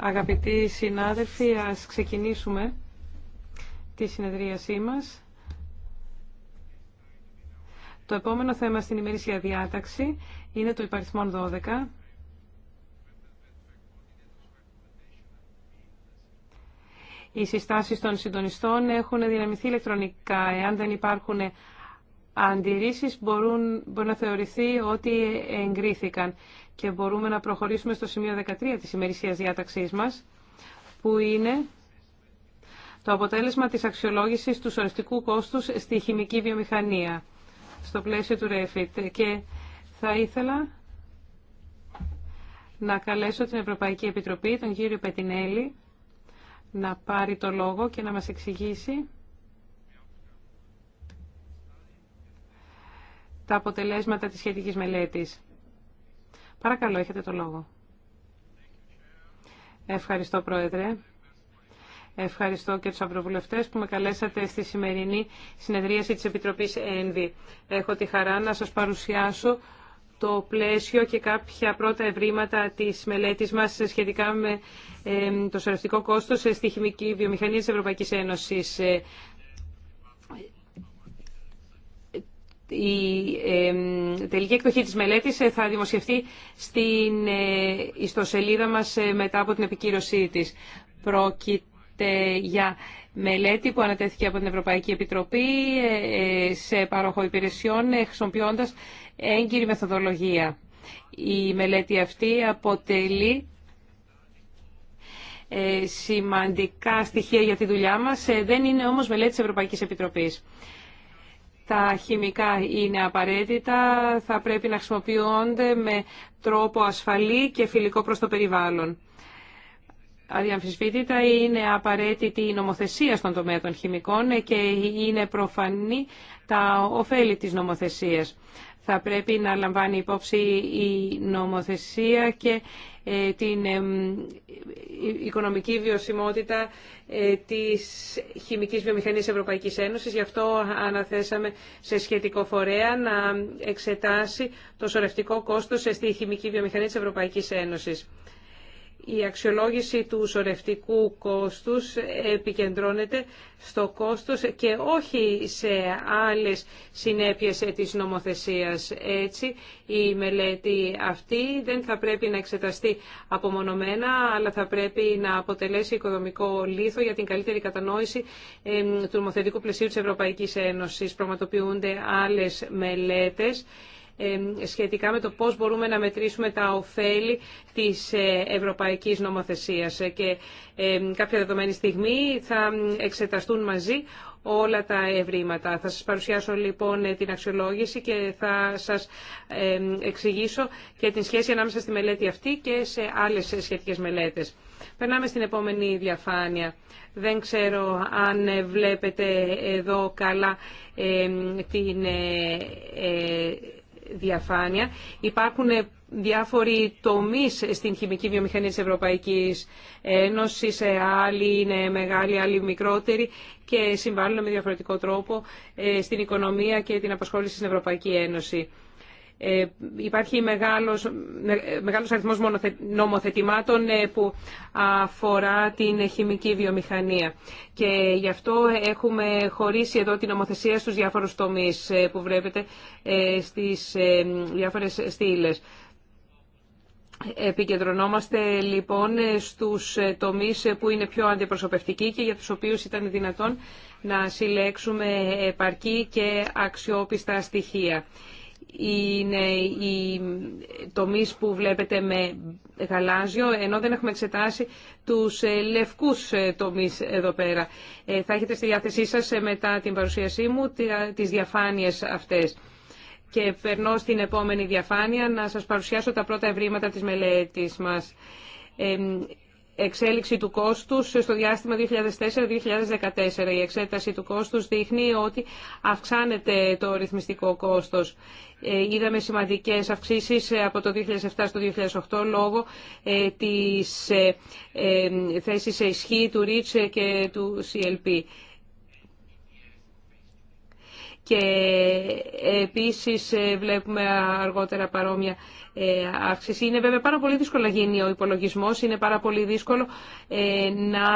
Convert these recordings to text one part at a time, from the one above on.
Αγαπητοί συνάδελφοι, ας ξεκινήσουμε τη συνεδρίασή μας. Το επόμενο θέμα στην ημερήσια διάταξη είναι το υπαριθμόν 12. Οι συστάσεις των συντονιστών έχουν δυναμηθεί ηλεκτρονικά. Εάν δεν υπάρχουν αντιρρήσεις μπορούν, μπορεί να θεωρηθεί ότι εγκρίθηκαν και μπορούμε να προχωρήσουμε στο σημείο 13 της ημερησίας διάταξής μας, που είναι το αποτέλεσμα της αξιολόγησης του σωριστικού κόστους στη χημική βιομηχανία, στο πλαίσιο του Ρεφίτ. Και θα ήθελα να καλέσω την Ευρωπαϊκή Επιτροπή, τον κύριο Πετινέλη, να πάρει το λόγο και να μας εξηγήσει τα αποτελέσματα της σχετικής μελέτης. Παρακαλώ, έχετε το λόγο. Ευχαριστώ, Πρόεδρε. Ευχαριστώ και τους αυροβουλευτές που με καλέσατε στη σημερινή συνεδρίαση της Επιτροπής ΕΝΒΗ. Έχω τη χαρά να σας παρουσιάσω το πλαίσιο και κάποια πρώτα ευρήματα της μελέτης μας σχετικά με ε, το σωρευτικό κόστος στη χημική βιομηχανία της Ευρωπαϊκής Ένωσης. Η τελική εκδοχή της μελέτης ε, θα δημοσιευτεί στην ε, ιστοσελίδα μας ε, μετά από την επικύρωσή της. Πρόκειται για μελέτη που ανατέθηκε από την Ευρωπαϊκή Επιτροπή σε παροχό υπηρεσιών χρησιμοποιώντας έγκυρη μεθοδολογία. Η μελέτη αυτή αποτελεί σημαντικά στοιχεία για τη δουλειά μας. Δεν είναι όμως μελέτη της Ευρωπαϊκής Επιτροπής. Τα χημικά είναι απαραίτητα, θα πρέπει να χρησιμοποιούνται με τρόπο ασφαλή και φιλικό προς το περιβάλλον. Αδιαμφισβήτητα είναι απαραίτητη η νομοθεσία στον τομέα των χημικών και είναι προφανή τα ωφέλη της νομοθεσίας θα πρέπει να λαμβάνει υπόψη η νομοθεσία και ε, την ε, οικονομική βιωσιμότητα ε, της χημικής βιομηχανίας Ευρωπαϊκής Ένωσης. Γι' αυτό αναθέσαμε σε σχετικό φορέα να εξετάσει το σωρευτικό κόστος στη χημική βιομηχανία της Ευρωπαϊκής Ένωσης. Η αξιολόγηση του σωρευτικού κόστους επικεντρώνεται στο κόστος και όχι σε άλλες συνέπειες της νομοθεσίας. Έτσι, η μελέτη αυτή δεν θα πρέπει να εξεταστεί απομονωμένα, αλλά θα πρέπει να αποτελέσει οικοδομικό λίθο για την καλύτερη κατανόηση του νομοθετικού πλαισίου της Ευρωπαϊκής Ένωσης. Πραγματοποιούνται άλλες μελέτες σχετικά με το πώς μπορούμε να μετρήσουμε τα ωφέλη της ε, ευρωπαϊκής νομοθεσίας. Ε, και κάποια δεδομένη στιγμή θα εξεταστούν μαζί όλα τα ευρήματα. Θα σας παρουσιάσω λοιπόν ε, την αξιολόγηση και θα σας εξηγήσω και την σχέση ανάμεσα στη μελέτη αυτή και σε άλλες σχετικές μελέτες. Περνάμε στην επόμενη διαφάνεια. Δεν ξέρω αν βλέπετε εδώ καλά την διαφάνεια. Υπάρχουν διάφοροι τομείς στην χημική βιομηχανία της Ευρωπαϊκής Ένωσης, ε, άλλοι είναι μεγάλοι, άλλοι μικρότεροι και συμβάλλουν με διαφορετικό τρόπο ε, στην οικονομία και την απασχόληση στην Ευρωπαϊκή Ένωση. Ε, υπάρχει μεγάλος, ε, μεγάλος αριθμός νομοθετημάτων ε, που αφορά την χημική βιομηχανία. Και γι' αυτό έχουμε χωρίσει εδώ την νομοθεσία στους διάφορους τομείς που βλέπετε στις διάφορες στήλες. Επικεντρωνόμαστε λοιπόν στους τομείς που είναι πιο αντιπροσωπευτικοί και για τους οποίους ήταν δυνατόν να συλλέξουμε επαρκή και αξιόπιστα στοιχεία είναι οι τομεί που βλέπετε με γαλάζιο, ενώ δεν έχουμε εξετάσει τους ε, λευκούς ε, τομείς εδώ πέρα. Ε, θα έχετε στη διάθεσή σας μετά την παρουσίασή μου τις διαφάνειες αυτές. Και περνώ στην επόμενη διαφάνεια να σας παρουσιάσω τα πρώτα ευρήματα της μελέτης μας εξέλιξη του κόστους στο διάστημα 2004-2014. Η εξέταση του κόστους δείχνει ότι αυξάνεται το ρυθμιστικό κόστος. Ε, είδαμε σημαντικές αυξήσεις ε, από το 2007 στο 2008 λόγω ε, της θέσης σε ισχύ του REACH και του CLP και ε, επίσης ε, βλέπουμε αργότερα παρόμοια ε, αύξηση. Είναι βέβαια πάρα πολύ δύσκολο να γίνει ο υπολογισμός, είναι πάρα πολύ δύσκολο να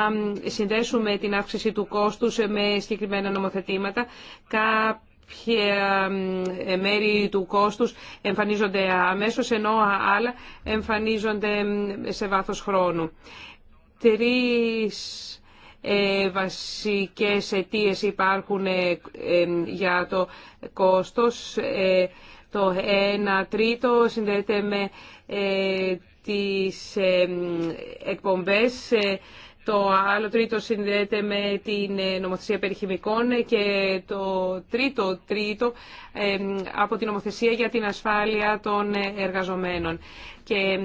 συνδέσουμε την αύξηση του κόστους με συγκεκριμένα νομοθετήματα. Κάποια μέρη του κόστους εμφανίζονται αμέσως, ενώ άλλα εμφανίζονται σε βάθος χρόνου. Τρεις ε, βασικές αιτίες υπάρχουν ε, ε, για το κόστος. Το 1 τρίτο συνδέεται με τις εκπομπές το άλλο τρίτο συνδέεται με την ε, νομοθεσία περί χημικών και το τρίτο τρίτο ε, από την νομοθεσία για την ασφάλεια των εργαζομένων. Και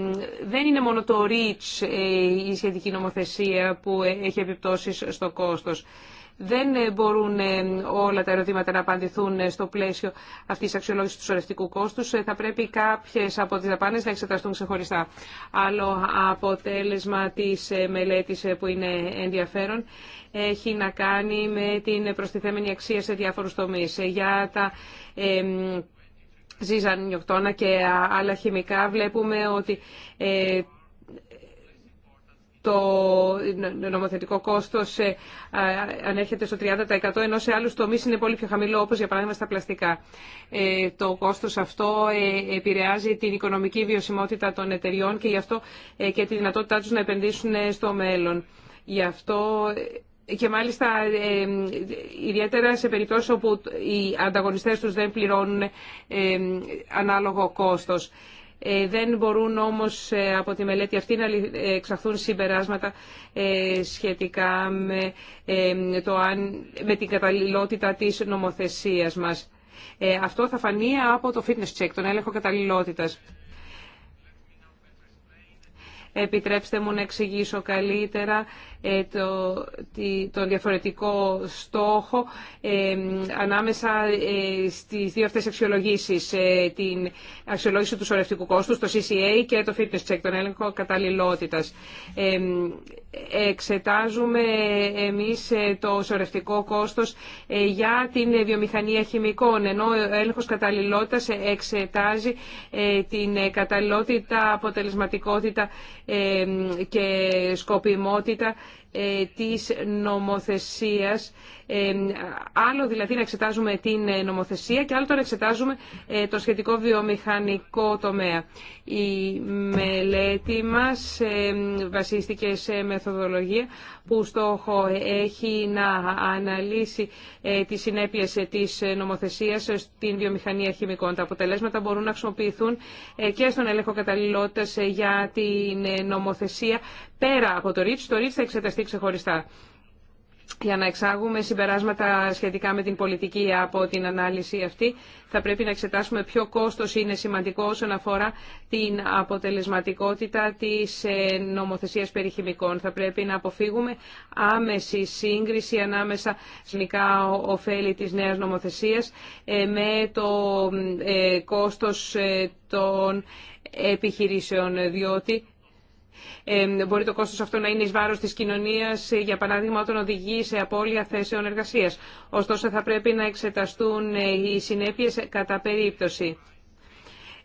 δεν είναι μόνο το REACH ε, η σχετική νομοθεσία που έχει επιπτώσεις στο κόστος. Δεν ε, μπορούν ε, όλα τα ερωτήματα να απαντηθούν ε, στο πλαίσιο αυτής της αξιολόγησης του σωρευτικού κόστους. Θα πρέπει κάποιες από τις δαπάνε να εξεταστούν ξεχωριστά. Άλλο αποτέλεσμα της μελέτης που είναι ενδιαφέρον έχει να κάνει με την προστιθέμενη αξία σε διάφορους τομείς. Για τα ζύζαν και άλλα χημικά βλέπουμε ότι το νομοθετικό κόστος ε, ανέρχεται στο 30% ενώ σε άλλους τομεί είναι πολύ πιο χαμηλό όπως για παράδειγμα στα πλαστικά. Ε, το κόστος αυτό ε, επηρεάζει την οικονομική βιωσιμότητα των εταιριών και γι' αυτό και τη δυνατότητά τους να επενδύσουν στο μέλλον. Γι' αυτό και μάλιστα ιδιαίτερα σε περιπτώσεις όπου οι ανταγωνιστές τους δεν πληρώνουν ανάλογο κόστος. Ε, δεν μπορούν όμως ε, από τη μελέτη αυτή να ε, εξαχθούν συμπεράσματα σχετικά με, το αν, με την καταλληλότητα της νομοθεσίας μας. Αυτό θα φανεί από το fitness check, τον έλεγχο καταλληλότητας. Επιτρέψτε μου να εξηγήσω καλύτερα ε, το, το διαφορετικό στόχο ε, ανάμεσα ε, στις δύο αυτές αξιολογήσεις. Την αξιολόγηση του σωρευτικού κόστους, το CCA και το fitness check, τον έλεγχο καταλληλότητας. Εξετάζουμε εμείς το σωρευτικό κόστος για την βιομηχανία χημικών, ενώ ο έλεγχος καταλληλότητας εξετάζει την καταλληλότητα, αποτελεσματικότητα ε, και σκοπιμότητα ε, της νομοθεσίας. Ε, άλλο δηλαδή να εξετάζουμε την ε, νομοθεσία και άλλο τώρα εξετάζουμε το σχετικό βιομηχανικό τομέα. Η μελέτη μας βασίστηκε σε μεθοδολογία που στόχο έχει να αναλύσει τις συνέπειες της νομοθεσίας στην βιομηχανία χημικών. Τα αποτελέσματα μπορούν να χρησιμοποιηθούν και στον έλεγχο καταλληλότητας για την νομοθεσία πέρα από το ΡΙΤΣ. Το ξεχωριστά για να εξάγουμε συμπεράσματα σχετικά με την πολιτική από την ανάλυση αυτή, θα πρέπει να εξετάσουμε ποιο κόστος είναι σημαντικό όσον αφορά την αποτελεσματικότητα της ε, νομοθεσίας περιχημικών. Θα πρέπει να αποφύγουμε άμεση σύγκριση ανάμεσα σνικά ωφέλη της νέας νομοθεσίας ε, με το ε, κόστος των επιχειρήσεων, διότι μπορεί το κόστος αυτό να είναι εις βάρος της κοινωνίας, ε, για παράδειγμα όταν οδηγεί σε απώλεια θέσεων εργασίας. Ωστόσο θα πρέπει να εξεταστούν ε, οι συνέπειες κατά περίπτωση.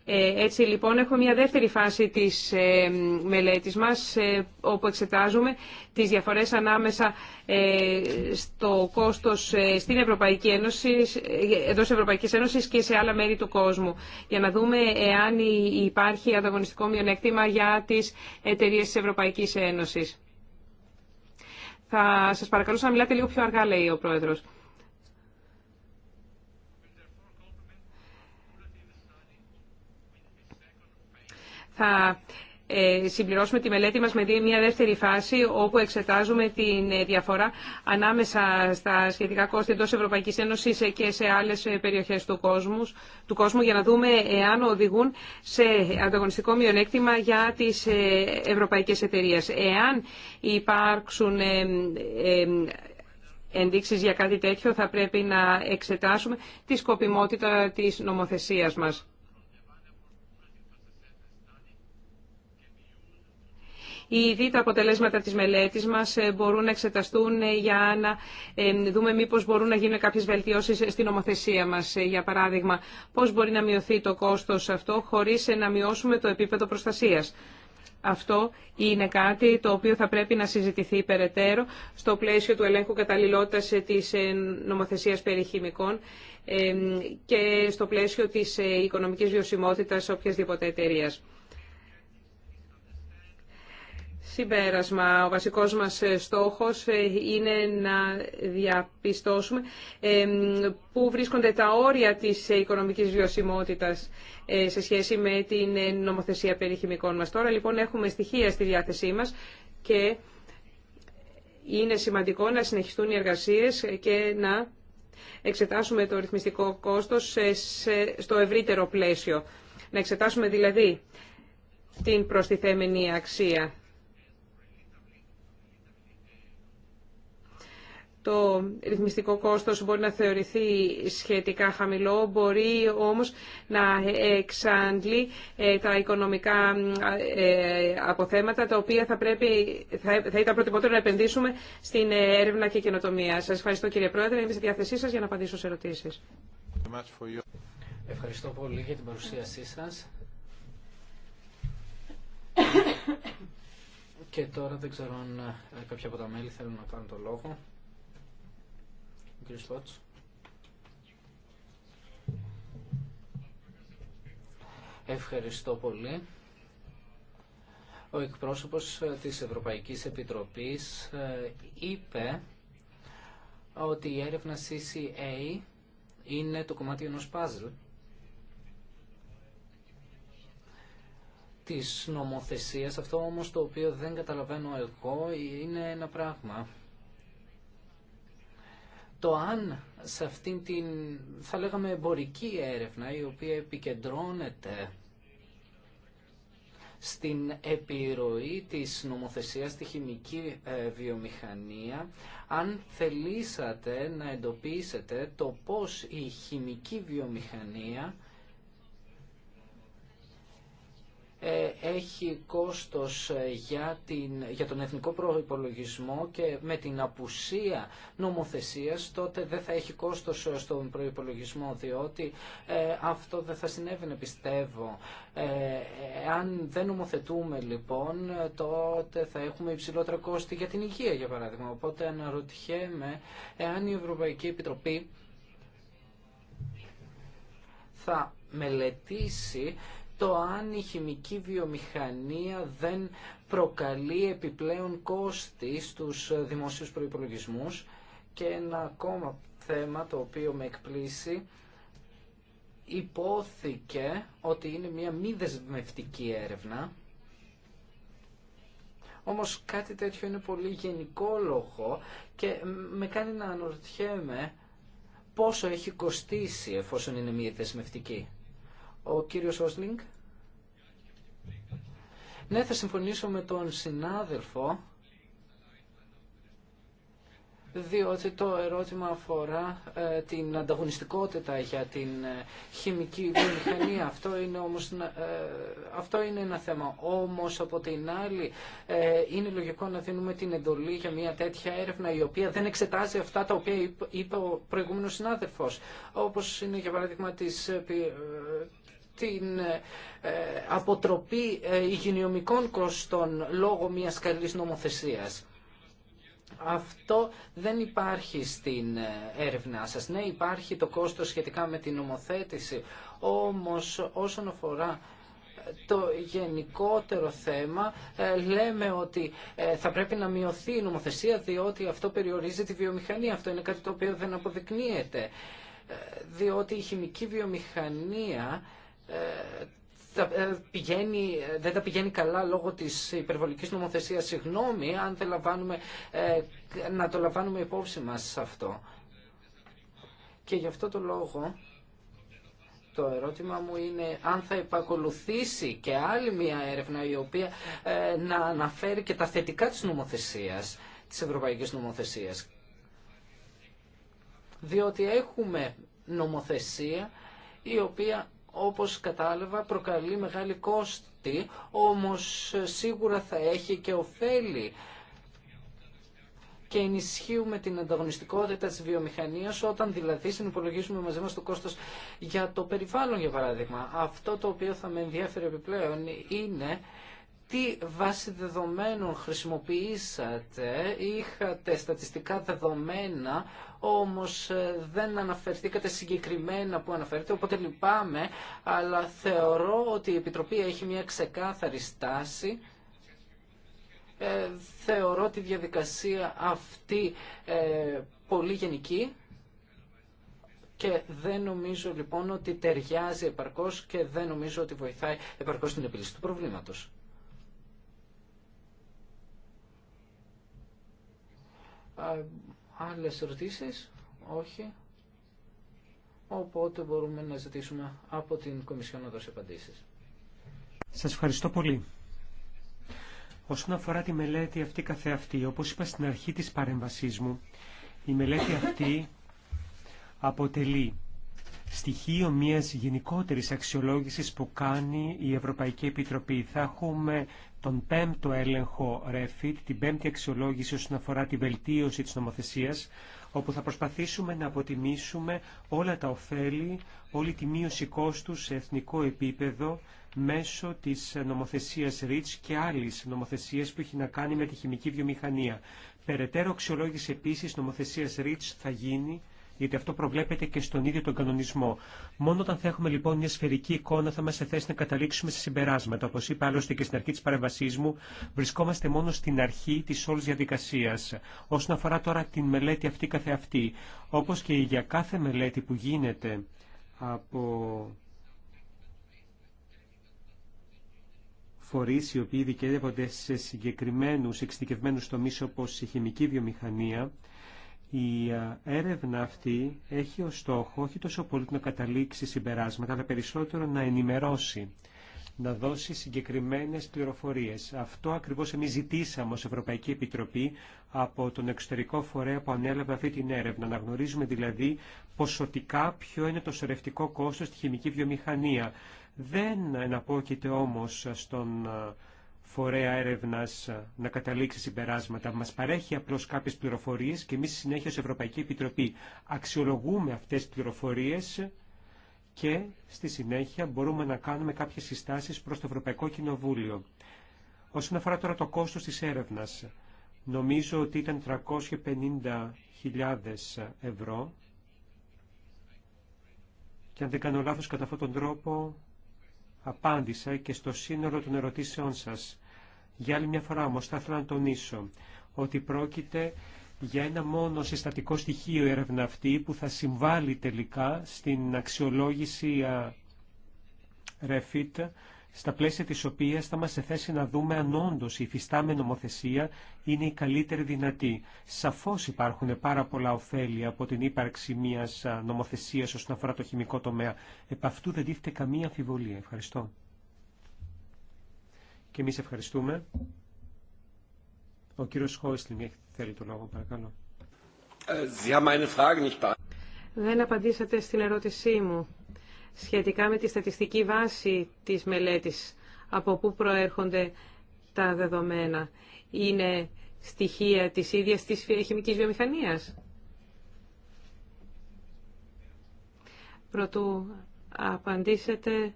Ε, έτσι λοιπόν έχουμε μια δεύτερη φάση της ε, μελέτης μας ε, όπου εξετάζουμε τις διαφορές ανάμεσα στο κόστος στην Ευρωπαϊκή Ένωση, στην Ευρωπαϊκής Ένωσης και σε άλλα μέρη του κόσμου για να δούμε εάν υπάρχει ανταγωνιστικό μειονέκτημα για τις εταιρείες της Ευρωπαϊκής Ένωσης. Θα σας παρακαλούσα να μιλάτε λίγο πιο αργά, λέει ο Πρόεδρος. θα ε, συμπληρώσουμε τη μελέτη μας με μια δεύτερη φάση όπου εξετάζουμε τη ε, διαφορά ανάμεσα στα σχετικά κόστη εντός Ευρωπαϊκής Ένωσης ε, και σε άλλες περιοχές του κόσμου, του κόσμου για να δούμε εάν οδηγούν σε ανταγωνιστικό μειονέκτημα για τις ευρωπαϊκές εταιρείες. Εάν υπάρξουν ενδείξεις για κάτι τέτοιο θα πρέπει να εξετάσουμε τη σκοπιμότητα της νομοθεσίας μας. Ήδη τα αποτελέσματα της μελέτης μας ε, μπορούν να εξεταστούν ε, για να ε, δούμε μήπως μπορούν να γίνουν κάποιες βελτιώσεις στην νομοθεσία μας. Για παράδειγμα, πώς μπορεί να μειωθεί το κόστος αυτό χωρίς να μειώσουμε το επίπεδο προστασίας. Αυτό είναι κάτι το οποίο θα πρέπει να συζητηθεί περαιτέρω στο πλαίσιο του ελέγχου καταλληλότητας της νομοθεσίας περί χημικών και στο πλαίσιο της οικονομικής βιωσιμότητας οποιασδήποτε εταιρείας. Συμπέρασμα. Ο βασικός μας ε, στόχος ε, είναι να διαπιστώσουμε ε, πού βρίσκονται τα όρια της οικονομικής βιωσιμότητας σε σχέση με την νομοθεσία περί χημικών μας. Τώρα λοιπόν έχουμε στοιχεία στη διάθεσή μας και είναι σημαντικό να συνεχιστούν οι εργασίες και να εξετάσουμε το ρυθμιστικό κόστος στο ευρύτερο πλαίσιο. Να εξετάσουμε δηλαδή την προστιθέμενη αξία το ρυθμιστικό κόστος μπορεί να θεωρηθεί σχετικά χαμηλό, μπορεί όμως να εξαντλεί ε, τα οικονομικά ε, αποθέματα, τα οποία θα, πρέπει, θα, θα ήταν προτιμότερο να επενδύσουμε στην έρευνα και καινοτομία. Σας ευχαριστώ κύριε Πρόεδρε, είμαι στη διάθεσή σας για να απαντήσω σε ερωτήσεις. Ευχαριστώ πολύ για την παρουσίασή σας. και τώρα δεν ξέρω αν ε, κάποια από τα μέλη θέλουν να κάνουν το λόγο. Ευχαριστώ πολύ. Ο εκπρόσωπος ε, της Ευρωπαϊκής Επιτροπής ε, είπε ότι η έρευνα CCA είναι το κομμάτι ενός παζλ της νομοθεσίας. Αυτό όμως το οποίο δεν καταλαβαίνω εγώ είναι ένα πράγμα το αν σε αυτήν την, θα λέγαμε, εμπορική έρευνα, η οποία επικεντρώνεται στην επιρροή της νομοθεσίας στη χημική ε, βιομηχανία, αν θελήσατε να εντοπίσετε το πώς η χημική βιομηχανία Ε, έχει κόστος για, την, για τον εθνικό προϋπολογισμό και με την απουσία νομοθεσίας τότε δεν θα έχει κόστος στον προϋπολογισμό διότι ε, αυτό δεν θα συνέβαινε πιστεύω. Ε, αν δεν νομοθετούμε λοιπόν τότε θα έχουμε υψηλότερα κόστη για την υγεία για παράδειγμα. Οπότε αναρωτιέμαι εάν η Ευρωπαϊκή Επιτροπή θα μελετήσει το αν η χημική βιομηχανία δεν προκαλεί επιπλέον κόστη στους ε, δημοσίους προϋπολογισμούς και ένα ακόμα θέμα το οποίο με εκπλήσει υπόθηκε ότι είναι μια μη δεσμευτική έρευνα όμως κάτι τέτοιο είναι πολύ γενικό λόγο και με κάνει να αναρωτιέμαι πόσο έχει κοστίσει εφόσον είναι μη δεσμευτική. Ο κύριος Όσλινγκ. Ναι, θα συμφωνήσω με τον συνάδελφο, διότι το ερώτημα αφορά ε, την ανταγωνιστικότητα για την ε, χημική βιομηχανία. Αυτό είναι, όμως, ε, αυτό είναι ένα θέμα. Όμως, από την άλλη, είναι λογικό να δίνουμε την εντολή για μια τέτοια έρευνα η οποία δεν εξετάζει αυτά τα οποία είπε ο προηγούμενος συνάδελφος. Όπως είναι, για παράδειγμα, τις την ε, ε, αποτροπή ε, υγειονομικών κοστών λόγω μιας καλής νομοθεσίας. Αυτό δεν υπάρχει στην έρευνά σας. Ναι, υπάρχει το κόστος σχετικά με την νομοθέτηση, όμως όσον αφορά το γενικότερο θέμα λέμε ότι θα πρέπει να μειωθεί η νομοθεσία διότι αυτό περιορίζει τη βιομηχανία. Αυτό είναι κάτι το οποίο δεν αποδεικνύεται διότι η χημική βιομηχανία ε, ε, ε, δεν τα πηγαίνει καλά λόγω της υπερβολικής νομοθεσίας. Συγγνώμη αν να το λαμβάνουμε υπόψη μας αυτό. Και γι' αυτό το λόγο το ερώτημα μου είναι αν θα επακολουθήσει και άλλη μια έρευνα η οποία να αναφέρει και τα θετικά της νομοθεσίας, της ευρωπαϊκής νομοθεσίας. Διότι έχουμε νομοθεσία η οποία όπως κατάλαβα προκαλεί μεγάλη κόστη, όμως σίγουρα θα έχει και ωφέλη και ενισχύουμε την ανταγωνιστικότητα της βιομηχανίας όταν δηλαδή συνυπολογίζουμε μαζί μας το κόστος για το περιβάλλον για παράδειγμα. Αυτό το οποίο θα με ενδιαφέρει επιπλέον είναι τι βάση δεδομένων χρησιμοποιήσατε, είχατε στατιστικά δεδομένα, όμως ε, δεν αναφερθήκατε συγκεκριμένα που αναφέρετε, οπότε λυπάμαι, αλλά θεωρώ ότι η Επιτροπή έχει μια ξεκάθαρη στάση. Ε, θεωρώ τη διαδικασία αυτή ε, πολύ γενική και δεν νομίζω λοιπόν ότι ταιριάζει επαρκώς και δεν νομίζω ότι βοηθάει επαρκώς την επίλυση του προβλήματος. άλλες ερωτήσει, όχι. Οπότε μπορούμε να ζητήσουμε από την Κομισιόν να δώσει απαντήσεις. Σας ευχαριστώ πολύ. Όσον αφορά τη μελέτη αυτή καθεαυτή, όπως είπα στην αρχή της παρέμβασής μου, η μελέτη αυτή αποτελεί στοιχείο μιας γενικότερης αξιολόγησης που κάνει η Ευρωπαϊκή Επιτροπή. Θα έχουμε τον πέμπτο έλεγχο REFIT, την πέμπτη αξιολόγηση όσον αφορά την βελτίωση της νομοθεσίας, όπου θα προσπαθήσουμε να αποτιμήσουμε όλα τα ωφέλη, όλη τη μείωση κόστου σε εθνικό επίπεδο μέσω της νομοθεσίας REACH και άλλης νομοθεσίας που έχει να κάνει με τη χημική βιομηχανία. Περαιτέρω αξιολόγηση επίσης νομοθεσίας REACH θα γίνει γιατί αυτό προβλέπεται και στον ίδιο τον κανονισμό. Μόνο όταν θα έχουμε λοιπόν μια σφαιρική εικόνα θα είμαστε θέση να καταλήξουμε σε συμπεράσματα. Όπω είπα άλλωστε και στην αρχή τη παρεμβασή μου, βρισκόμαστε μόνο στην αρχή τη όλη διαδικασία. Όσον αφορά τώρα την μελέτη αυτή καθεαυτή, όπω και για κάθε μελέτη που γίνεται από φορείς οι οποίοι δικαιεύονται σε συγκεκριμένους εξειδικευμένους τομείς όπως η χημική βιομηχανία, η ε, έρευνα αυτή έχει ως στόχο όχι τόσο πολύ να καταλήξει συμπεράσματα, αλλά περισσότερο να ενημερώσει, να δώσει συγκεκριμένες πληροφορίες. Αυτό ακριβώς εμείς ζητήσαμε ως Ευρωπαϊκή Επιτροπή από τον εξωτερικό φορέα που ανέλαβε αυτή την έρευνα. Να γνωρίζουμε δηλαδή ποσοτικά ποιο είναι το σωρευτικό κόστος στη χημική βιομηχανία. Δεν εναπόκειται όμως στον ε, φορέα έρευνα ε, να καταλήξει συμπεράσματα. Μα παρέχει απλώ κάποιε πληροφορίε και εμεί συνέχεια ω Ευρωπαϊκή Επιτροπή αξιολογούμε αυτέ τι πληροφορίε και στη συνέχεια μπορούμε να κάνουμε κάποιε συστάσει προ το Ευρωπαϊκό Κοινοβούλιο. Όσον αφορά τώρα το κόστο τη έρευνα, νομίζω ότι ήταν 350.000 ευρώ. Και αν δεν κάνω λάθος κατά αυτόν τον τρόπο, απάντησα και στο σύνολο των ερωτήσεών σας. Για άλλη μια φορά όμως θα ήθελα να τονίσω ότι πρόκειται για ένα μόνο συστατικό στοιχείο έρευνα αυτή που θα συμβάλλει τελικά στην αξιολόγηση REFIT στα πλαίσια της οποίας θα μας σε να δούμε αν όντω η υφιστάμενη νομοθεσία είναι η καλύτερη δυνατή. Σαφώς υπάρχουν πάρα πολλά ωφέλη από την ύπαρξη μιας νομοθεσίας όσον αφορά το χημικό τομέα. Επ' αυτού δεν τίθεται καμία αμφιβολία. Ευχαριστώ. Και εμεί ευχαριστούμε. Ο κύριος Χόισλινγκ θέλει το λόγο, παρακαλώ. Äh, Δεν απαντήσατε στην ερώτησή μου σχετικά με τη στατιστική βάση της μελέτης. Από πού προέρχονται τα δεδομένα. Είναι στοιχεία της ίδιας της χημικής βιομηχανίας. Πρωτού απαντήσετε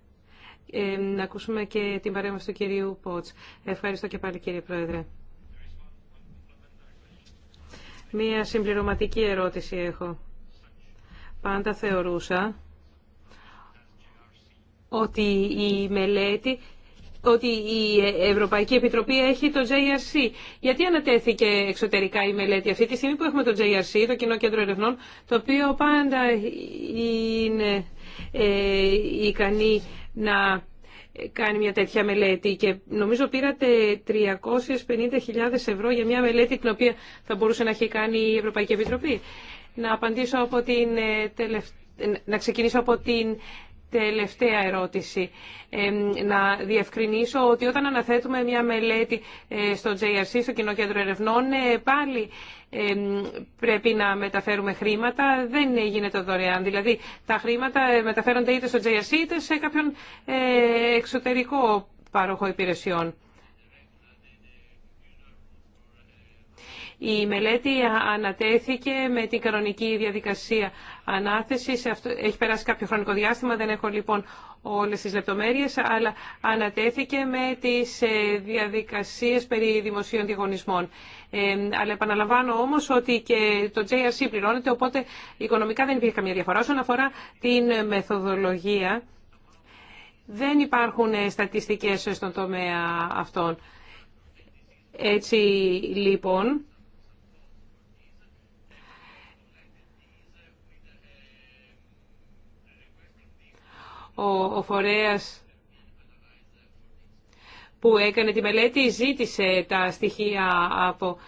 ε, να ακούσουμε και την παρέμβαση του κυρίου Πότς. Ευχαριστώ και πάλι κύριε Πρόεδρε. Μία συμπληρωματική ερώτηση έχω. Πάντα θεωρούσα ότι η μελέτη ότι η Ευρωπαϊκή Επιτροπή έχει το JRC. Γιατί ανατέθηκε εξωτερικά η μελέτη αυτή τη στιγμή που έχουμε το JRC, το Κοινό Κέντρο Ερευνών, το οποίο πάντα είναι ε, ικανή να κάνει μια τέτοια μελέτη και νομίζω πήρατε 350.000 ευρώ για μια μελέτη την οποία θα μπορούσε να έχει κάνει η Ευρωπαϊκή Επιτροπή. Να, απαντήσω από την ε, να ξεκινήσω από την τελευταία ερώτηση. να διευκρινίσω ότι όταν αναθέτουμε μια μελέτη ε, στο JRC, στο Κοινό Κέντρο Ερευνών, ε, πάλι πρέπει να μεταφέρουμε χρήματα, δεν γίνεται δωρεάν. Δηλαδή τα χρήματα μεταφέρονται είτε στο JSC είτε σε κάποιον ε, εξωτερικό πάροχο υπηρεσιών. Η μελέτη ανατέθηκε με την κανονική διαδικασία ανάθεση. έχει περάσει κάποιο χρονικό διάστημα, δεν έχω λοιπόν όλες τις λεπτομέρειες, αλλά ανατέθηκε με τις ε, διαδικασίες περί δημοσίων διαγωνισμών. Ε, αλλά επαναλαμβάνω όμως ότι και το JRC πληρώνεται, οπότε οικονομικά δεν υπήρχε καμία διαφορά. Όσον αφορά την μεθοδολογία, δεν υπάρχουν ε, στατιστικές στον τομέα αυτών. Έτσι λοιπόν, ο, φορέας που έκανε τη μελέτη ζήτησε τα στοιχεία από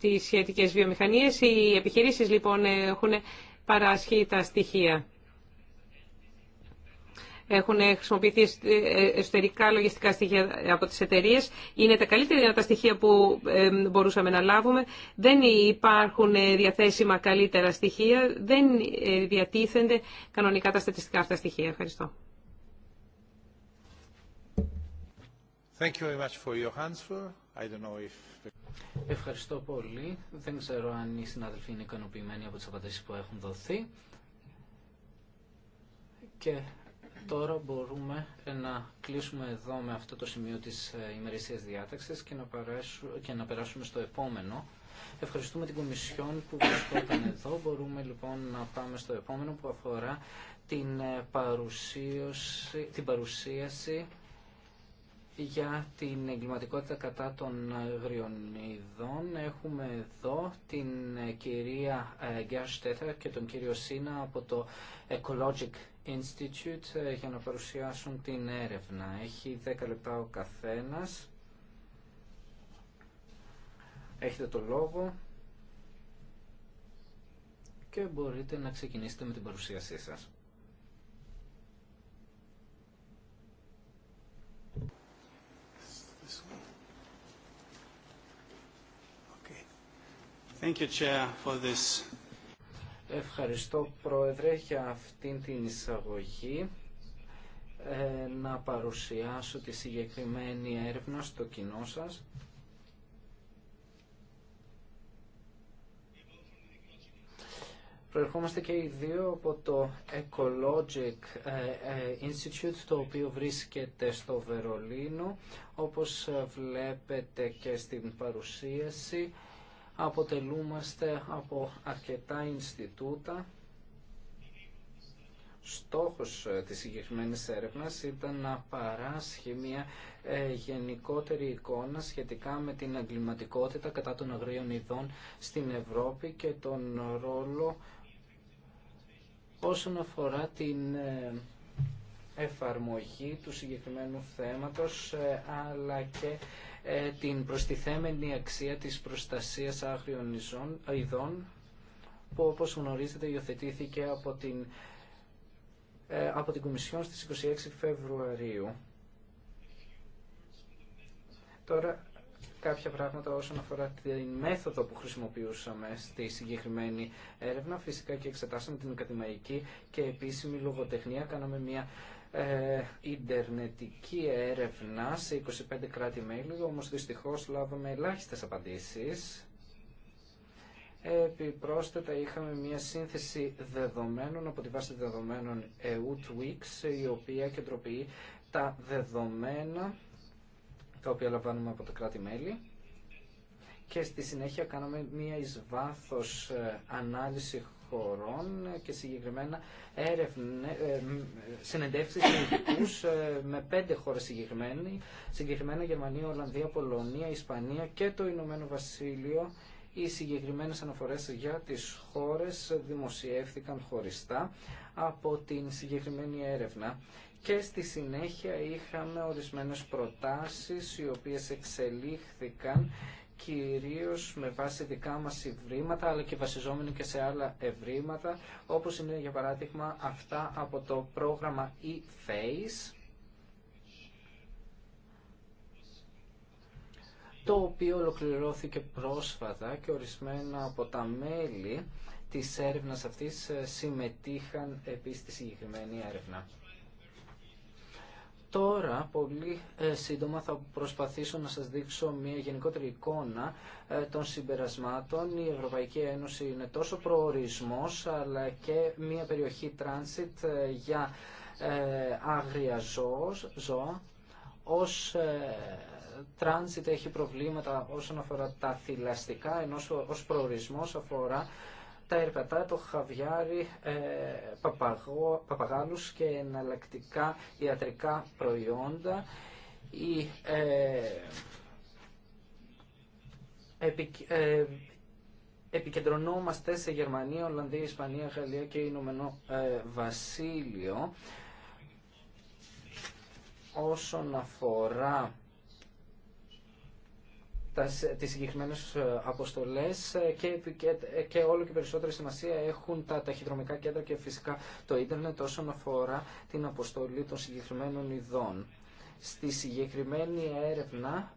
τις σχετικές βιομηχανίες. Οι επιχειρήσεις λοιπόν έχουν παράσχει τα στοιχεία. Έχουν χρησιμοποιηθεί εσωτερικά λογιστικά στοιχεία από τις εταιρείε. Είναι τα καλύτερα τα στοιχεία που μπορούσαμε να λάβουμε. Δεν υπάρχουν διαθέσιμα καλύτερα στοιχεία. Δεν ε, διατίθενται κανονικά τα στατιστικά αυτά στοιχεία. Ευχαριστώ. Ευχαριστώ πολύ. Δεν ξέρω αν οι συνάδελφοι είναι ικανοποιημένοι από τις απαντήσεις που έχουν δοθεί. Και τώρα μπορούμε να κλείσουμε εδώ με αυτό το σημείο της ε, ημερησίας διάταξης και να, και να περάσουμε στο επόμενο. Ευχαριστούμε την Κομισιόν που βρισκόταν εδώ. Μπορούμε λοιπόν να πάμε στο επόμενο που αφορά την ε, παρουσίαση, την παρουσίαση για την εγκληματικότητα κατά των Γριονιδών. Έχουμε εδώ την ε, κυρία ε, Γκέρ και τον κύριο Σίνα από το Ecologic Institute ε, για να παρουσιάσουν την έρευνα. Έχει 10 λεπτά ο καθένας. Έχετε το λόγο και μπορείτε να ξεκινήσετε με την παρουσίασή σας. Ευχαριστώ Πρόεδρε για αυτήν την εισαγωγή ε, να παρουσιάσω τη συγκεκριμένη έρευνα στο κοινό σας. Προερχόμαστε και οι δύο από το Ecologic ε, ε, Institute, το οποίο βρίσκεται στο Βερολίνο. Όπως βλέπετε και στην παρουσίαση, αποτελούμαστε από αρκετά Ινστιτούτα. Στόχος ε, της συγκεκριμένης έρευνας ήταν να παράσχει μια ε, γενικότερη εικόνα σχετικά με την εγκληματικότητα κατά των αγρίων ειδών στην Ευρώπη και τον ρόλο όσον αφορά την ε, εφαρμογή του συγκεκριμένου θέματος αλλά και ε, την προστιθέμενη αξία της προστασίας άγριων ειδών που όπως γνωρίζετε υιοθετήθηκε από την, ε, από την Κομισιόν στις 26 Φεβρουαρίου. Τώρα κάποια πράγματα όσον αφορά την μέθοδο που χρησιμοποιούσαμε στη συγκεκριμένη έρευνα. Φυσικά και εξετάσαμε την ακαδημαϊκή και επίσημη λογοτεχνία. Κάναμε μια ε, ιντερνετική έρευνα σε 25 κράτη-μέλη, όμως δυστυχώς λάβαμε ελάχιστες απαντήσεις. Επιπρόσθετα είχαμε μια σύνθεση δεδομένων από τη βάση δεδομένων EUTWIX, η οποία κεντροποιεί τα δεδομένα τα οποία λαμβάνουμε από τα κράτη-μέλη και στη συνέχεια κάναμε μία εις βάθος ε, ανάλυση χωρών και συγκεκριμένα έρευνε, ε, συνεντεύξεις ε, με πέντε χώρες συγκεκριμένοι, συγκεκριμένα Γερμανία, Ολλανδία, Πολωνία, Ισπανία και το Ηνωμένο Βασίλειο. Οι συγκεκριμένες αναφορές για τις χώρες δημοσιεύθηκαν χωριστά από την συγκεκριμένη έρευνα και στη συνέχεια είχαμε ορισμένες προτάσεις οι οποίες εξελίχθηκαν κυρίως με βάση δικά μας ευρήματα αλλά και βασιζόμενοι και σε άλλα ευρήματα όπως είναι για παράδειγμα αυτά από το πρόγραμμα e-Face το οποίο ολοκληρώθηκε πρόσφατα και ορισμένα από τα μέλη της έρευνας αυτής ε, συμμετείχαν επίσης στη συγκεκριμένη έρευνα. Τώρα, πολύ ε, σύντομα, θα προσπαθήσω να σας δείξω μια γενικότερη εικόνα ε, των συμπερασμάτων. Η Ευρωπαϊκή Ένωση είναι τόσο προορισμός, αλλά και μια περιοχή τράνσιτ ε, για άγρια ζώα. Ως τράνσιτ έχει προβλήματα όσον αφορά τα θηλαστικά, ενώ ως προορισμός αφορά τα ερπετά, το χαβιάρι, ε, παπαγό, παπαγάλους και εναλλακτικά ιατρικά προϊόντα. Η, ε, ε, επικεντρωνόμαστε σε Γερμανία, Ολλανδία, Ισπανία, Γαλλία και Ηνωμένο Βασίλειο όσον αφορά ε, τις συγκεκριμένες ε, αποστολές ε, και, όλο και περισσότερη σημασία έχουν τα ταχυδρομικά κέντρα και φυσικά το ίντερνετ όσον αφορά την αποστολή των συγκεκριμένων ειδών. Στη συγκεκριμένη έρευνα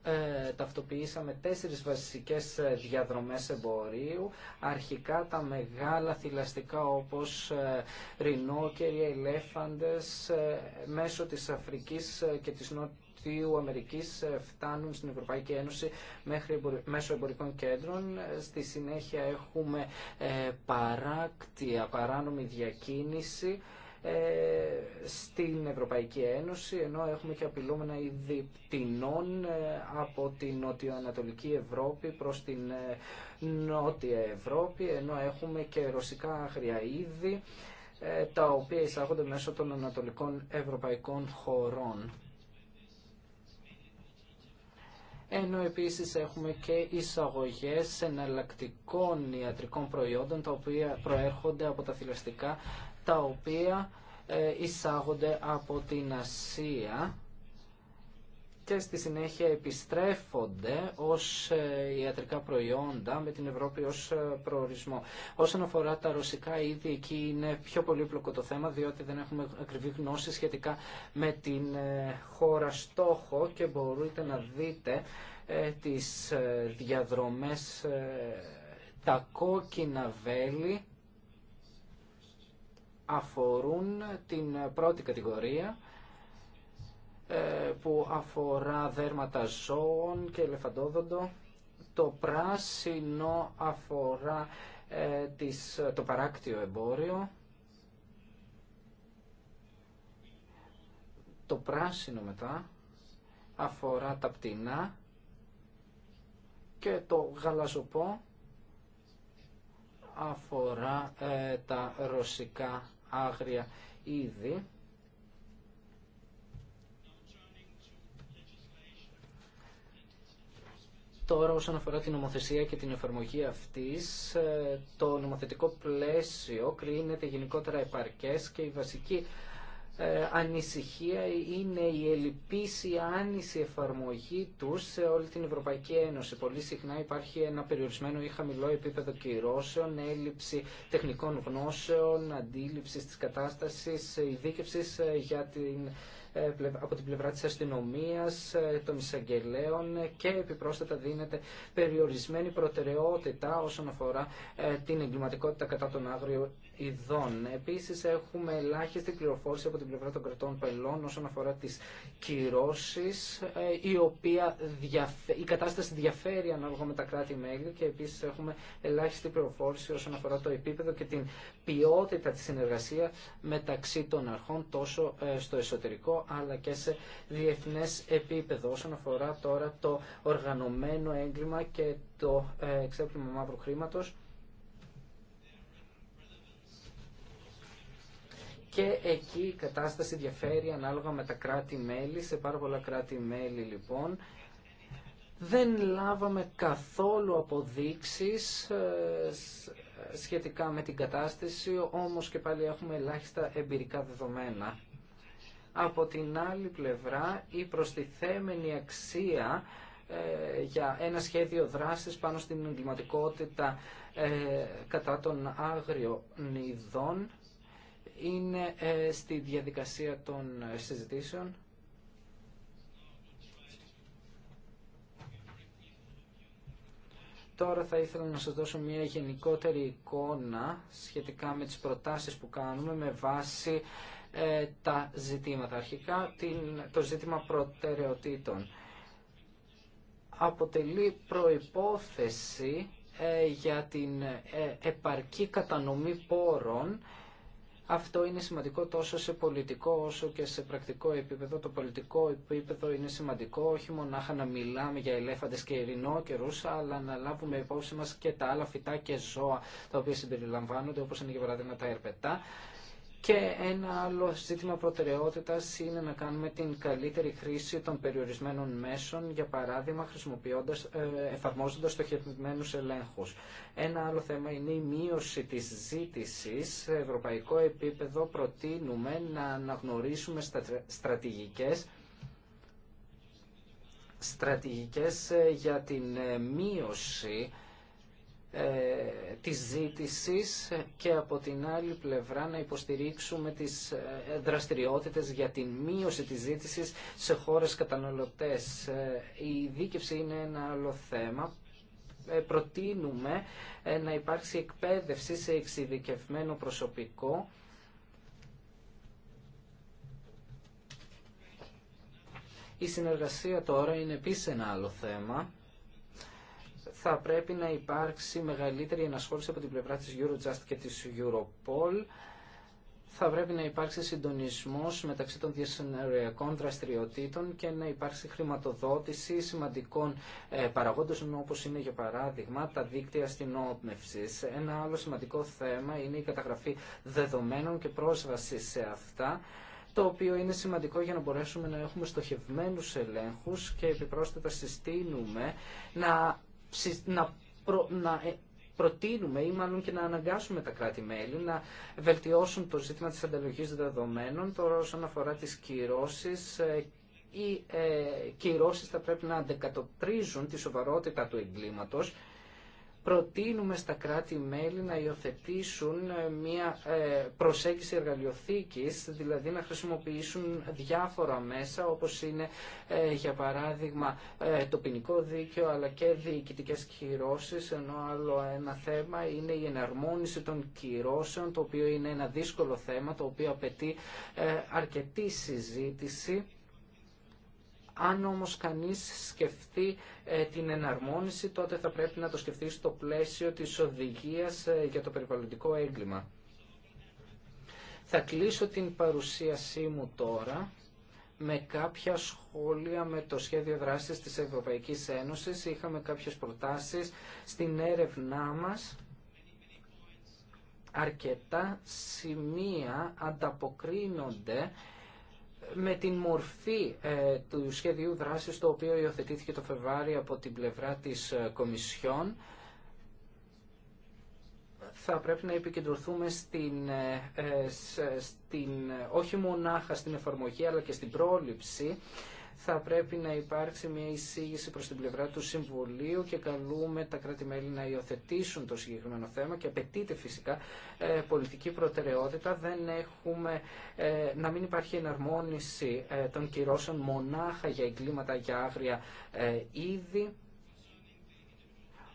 ταυτοποιήσαμε τέσσερις βασικές διαδρομές εμπορίου. Αρχικά τα μεγάλα θηλαστικά όπως ε, ρινόκεροι, ελέφαντες, μέσω της Αφρικής και της Νότιας δικτύου Αμερική ε, φτάνουν στην Ευρωπαϊκή Ένωση μέχρι, μέσω εμπορικών κέντρων. Ε, στη συνέχεια έχουμε ε, παράκτια, παράνομη διακίνηση στην Ευρωπαϊκή Ένωση, ενώ έχουμε και απειλούμενα είδη πτηνών από την νοτιοανατολική Ευρώπη προς την νότια Ευρώπη, ενώ έχουμε και ρωσικά άγρια τα οποία εισάγονται μέσω των ανατολικών ευρωπαϊκών χωρών ενώ επίσης έχουμε και εισαγωγές εναλλακτικών ιατρικών προϊόντων τα οποία προέρχονται από τα θηλαστικά τα οποία ε, εισάγονται από την Ασία και στη συνέχεια επιστρέφονται ως ε, ιατρικά προϊόντα με την Ευρώπη ως ε, προορισμό. Όσον αφορά τα ρωσικά είδη, εκεί είναι πιο πολύπλοκο το θέμα, διότι δεν έχουμε ακριβή γνώση σχετικά με την ε, χώρα στόχο και μπορείτε να δείτε τις διαδρομές τα κόκκινα βέλη αφορούν την πρώτη κατηγορία ε, που αφορά δέρματα ζώων και ελεφαντόδοντο. Το πράσινο αφορά ε, το παράκτιο εμπόριο. Το πράσινο μετά αφορά τα πτηνά και το γαλαζοπό αφορά ε, τα ρωσικά άγρια είδη. Τώρα όσον αφορά την νομοθεσία και την εφαρμογή αυτής, ε, το νομοθετικό πλαίσιο κρίνεται γενικότερα επαρκές και η βασική ε, ανησυχία είναι η ελλειπής, η άνηση εφαρμογή του σε όλη την Ευρωπαϊκή Ένωση. Πολύ συχνά υπάρχει ένα περιορισμένο ή χαμηλό επίπεδο κυρώσεων, έλλειψη τεχνικών γνώσεων, αντίληψη τη κατάστασης, ειδίκευση ε, για την ε, από την πλευρά της αστυνομίας, ε, των εισαγγελέων ε, και επιπρόσθετα δίνεται περιορισμένη προτεραιότητα όσον αφορά την εγκληματικότητα κατά τον άγριο ειδών. Επίσης έχουμε ελάχιστη πληροφόρηση από την πλευρά των κρατών πελών όσον αφορά τι κυρώσει, ε, η, οποία η κατάσταση διαφέρει ανάλογα με τα κράτη-μέλη και επίσης έχουμε ελάχιστη πληροφόρηση όσον αφορά το επίπεδο και την ποιότητα της συνεργασία μεταξύ των αρχών τόσο ε, στο εσωτερικό αλλά και σε διεθνέ επίπεδο όσον αφορά τώρα το οργανωμένο έγκλημα και το ε, εξέπλυμα μαύρου χρήματος. και εκεί η κατάσταση διαφέρει ανάλογα με τα κράτη-μέλη. Σε πάρα πολλά κράτη-μέλη λοιπόν δεν λάβαμε καθόλου αποδείξεις ε, σχετικά με την κατάσταση, όμως και πάλι έχουμε ελάχιστα εμπειρικά δεδομένα. Από την άλλη πλευρά, η προστιθέμενη αξία ε, για ένα σχέδιο δράσης πάνω στην εγκληματικότητα ε, κατά των άγριων ειδών είναι ε, στη διαδικασία των ε, συζητήσεων. Τώρα θα ήθελα να σας δώσω μια γενικότερη εικόνα σχετικά με τις προτάσεις που κάνουμε με βάση ε, τα ζητήματα. Αρχικά την, το ζήτημα προτεραιοτήτων. Αποτελεί προϋπόθεση για την επαρκή κατανομή πόρων αυτό είναι σημαντικό τόσο σε πολιτικό όσο και σε πρακτικό επίπεδο. Το πολιτικό επίπεδο είναι σημαντικό όχι μονάχα να μιλάμε για ελέφαντες και ειρηνό και ρούσα, αλλά να λάβουμε υπόψη μας και τα άλλα φυτά και ζώα τα οποία συμπεριλαμβάνονται, όπως είναι για παράδειγμα τα ερπετά. Και ένα άλλο ζήτημα προτεραιότητας είναι να κάνουμε την καλύτερη χρήση των περιορισμένων μέσων, για παράδειγμα χρησιμοποιώντας, ε, το ελέγχους. Ένα άλλο θέμα είναι η μείωση της ζήτηση. Σε ευρωπαϊκό επίπεδο προτείνουμε να αναγνωρίσουμε στρατηγικέ στρατηγικές ε, για την ε, μείωση ε, της ζήτησης και από την άλλη πλευρά να υποστηρίξουμε τις ε, δραστηριότητες για την μείωση της ζήτησης σε χώρες καταναλωτές. Ε, η δίκευση είναι ένα άλλο θέμα. Προτείνουμε να υπάρξει εκπαίδευση σε εξειδικευμένο προσωπικό Η συνεργασία τώρα είναι επίσης ένα άλλο θέμα θα πρέπει να υπάρξει μεγαλύτερη ενασχόληση από την πλευρά της Eurojust και της Europol. Θα πρέπει να υπάρξει συντονισμός μεταξύ των διασυνεργειακών δραστηριοτήτων και να υπάρξει χρηματοδότηση σημαντικών ε, παραγόντων όπως είναι για παράδειγμα τα δίκτυα στην όπνευση. Ένα άλλο σημαντικό θέμα είναι η καταγραφή δεδομένων και πρόσβαση σε αυτά το οποίο είναι σημαντικό για να μπορέσουμε να έχουμε στοχευμένους ελέγχους και επιπρόσθετα συστήνουμε να να, να ε, προτείνουμε ή μάλλον και να αναγκάσουμε τα κράτη-μέλη να βελτιώσουν το ζήτημα της ανταλλογής δεδομένων τώρα όσον αφορά τις κυρώσεις ε, οι ε, κυρώσεις θα πρέπει να αντεκατοπτρίζουν τη σοβαρότητα του εγκλήματος προτείνουμε στα κράτη-μέλη να υιοθετήσουν ε, μια ε, προσέγγιση εργαλειοθήκης, δηλαδή να χρησιμοποιήσουν διάφορα μέσα όπως είναι ε, για παράδειγμα το ποινικό δίκαιο αλλά και διοικητικέ κυρώσεις, ενώ άλλο ένα θέμα είναι η εναρμόνιση των κυρώσεων, το οποίο είναι ένα δύσκολο θέμα, το οποίο απαιτεί αρκετή συζήτηση. Αν όμως κανείς σκεφτεί ε, την εναρμόνιση, τότε θα πρέπει να το σκεφτεί στο πλαίσιο της οδηγίας ε, για το περιβαλλοντικό έγκλημα. Θα κλείσω την παρουσίασή μου τώρα με κάποια σχόλια με το σχέδιο δράσης της Ευρωπαϊκής Ένωσης. Είχαμε κάποιες προτάσεις στην έρευνά μας. Αρκετά σημεία ανταποκρίνονται με την μορφή ε, του σχεδίου δράσης το οποίο υιοθετήθηκε το Φεβάρι από την πλευρά της ε, Κομισιόν θα πρέπει να επικεντρωθούμε στην, ε, στην, όχι μονάχα στην εφαρμογή αλλά και στην πρόληψη θα πρέπει να υπάρξει μια εισήγηση προς την πλευρά του Συμβουλίου και καλούμε τα κράτη-μέλη να υιοθετήσουν το συγκεκριμένο θέμα και απαιτείται φυσικά ε, πολιτική προτεραιότητα. Δεν έχουμε, ε, να μην υπάρχει εναρμόνιση ε, των κυρώσεων μονάχα για εγκλήματα για άγρια είδη.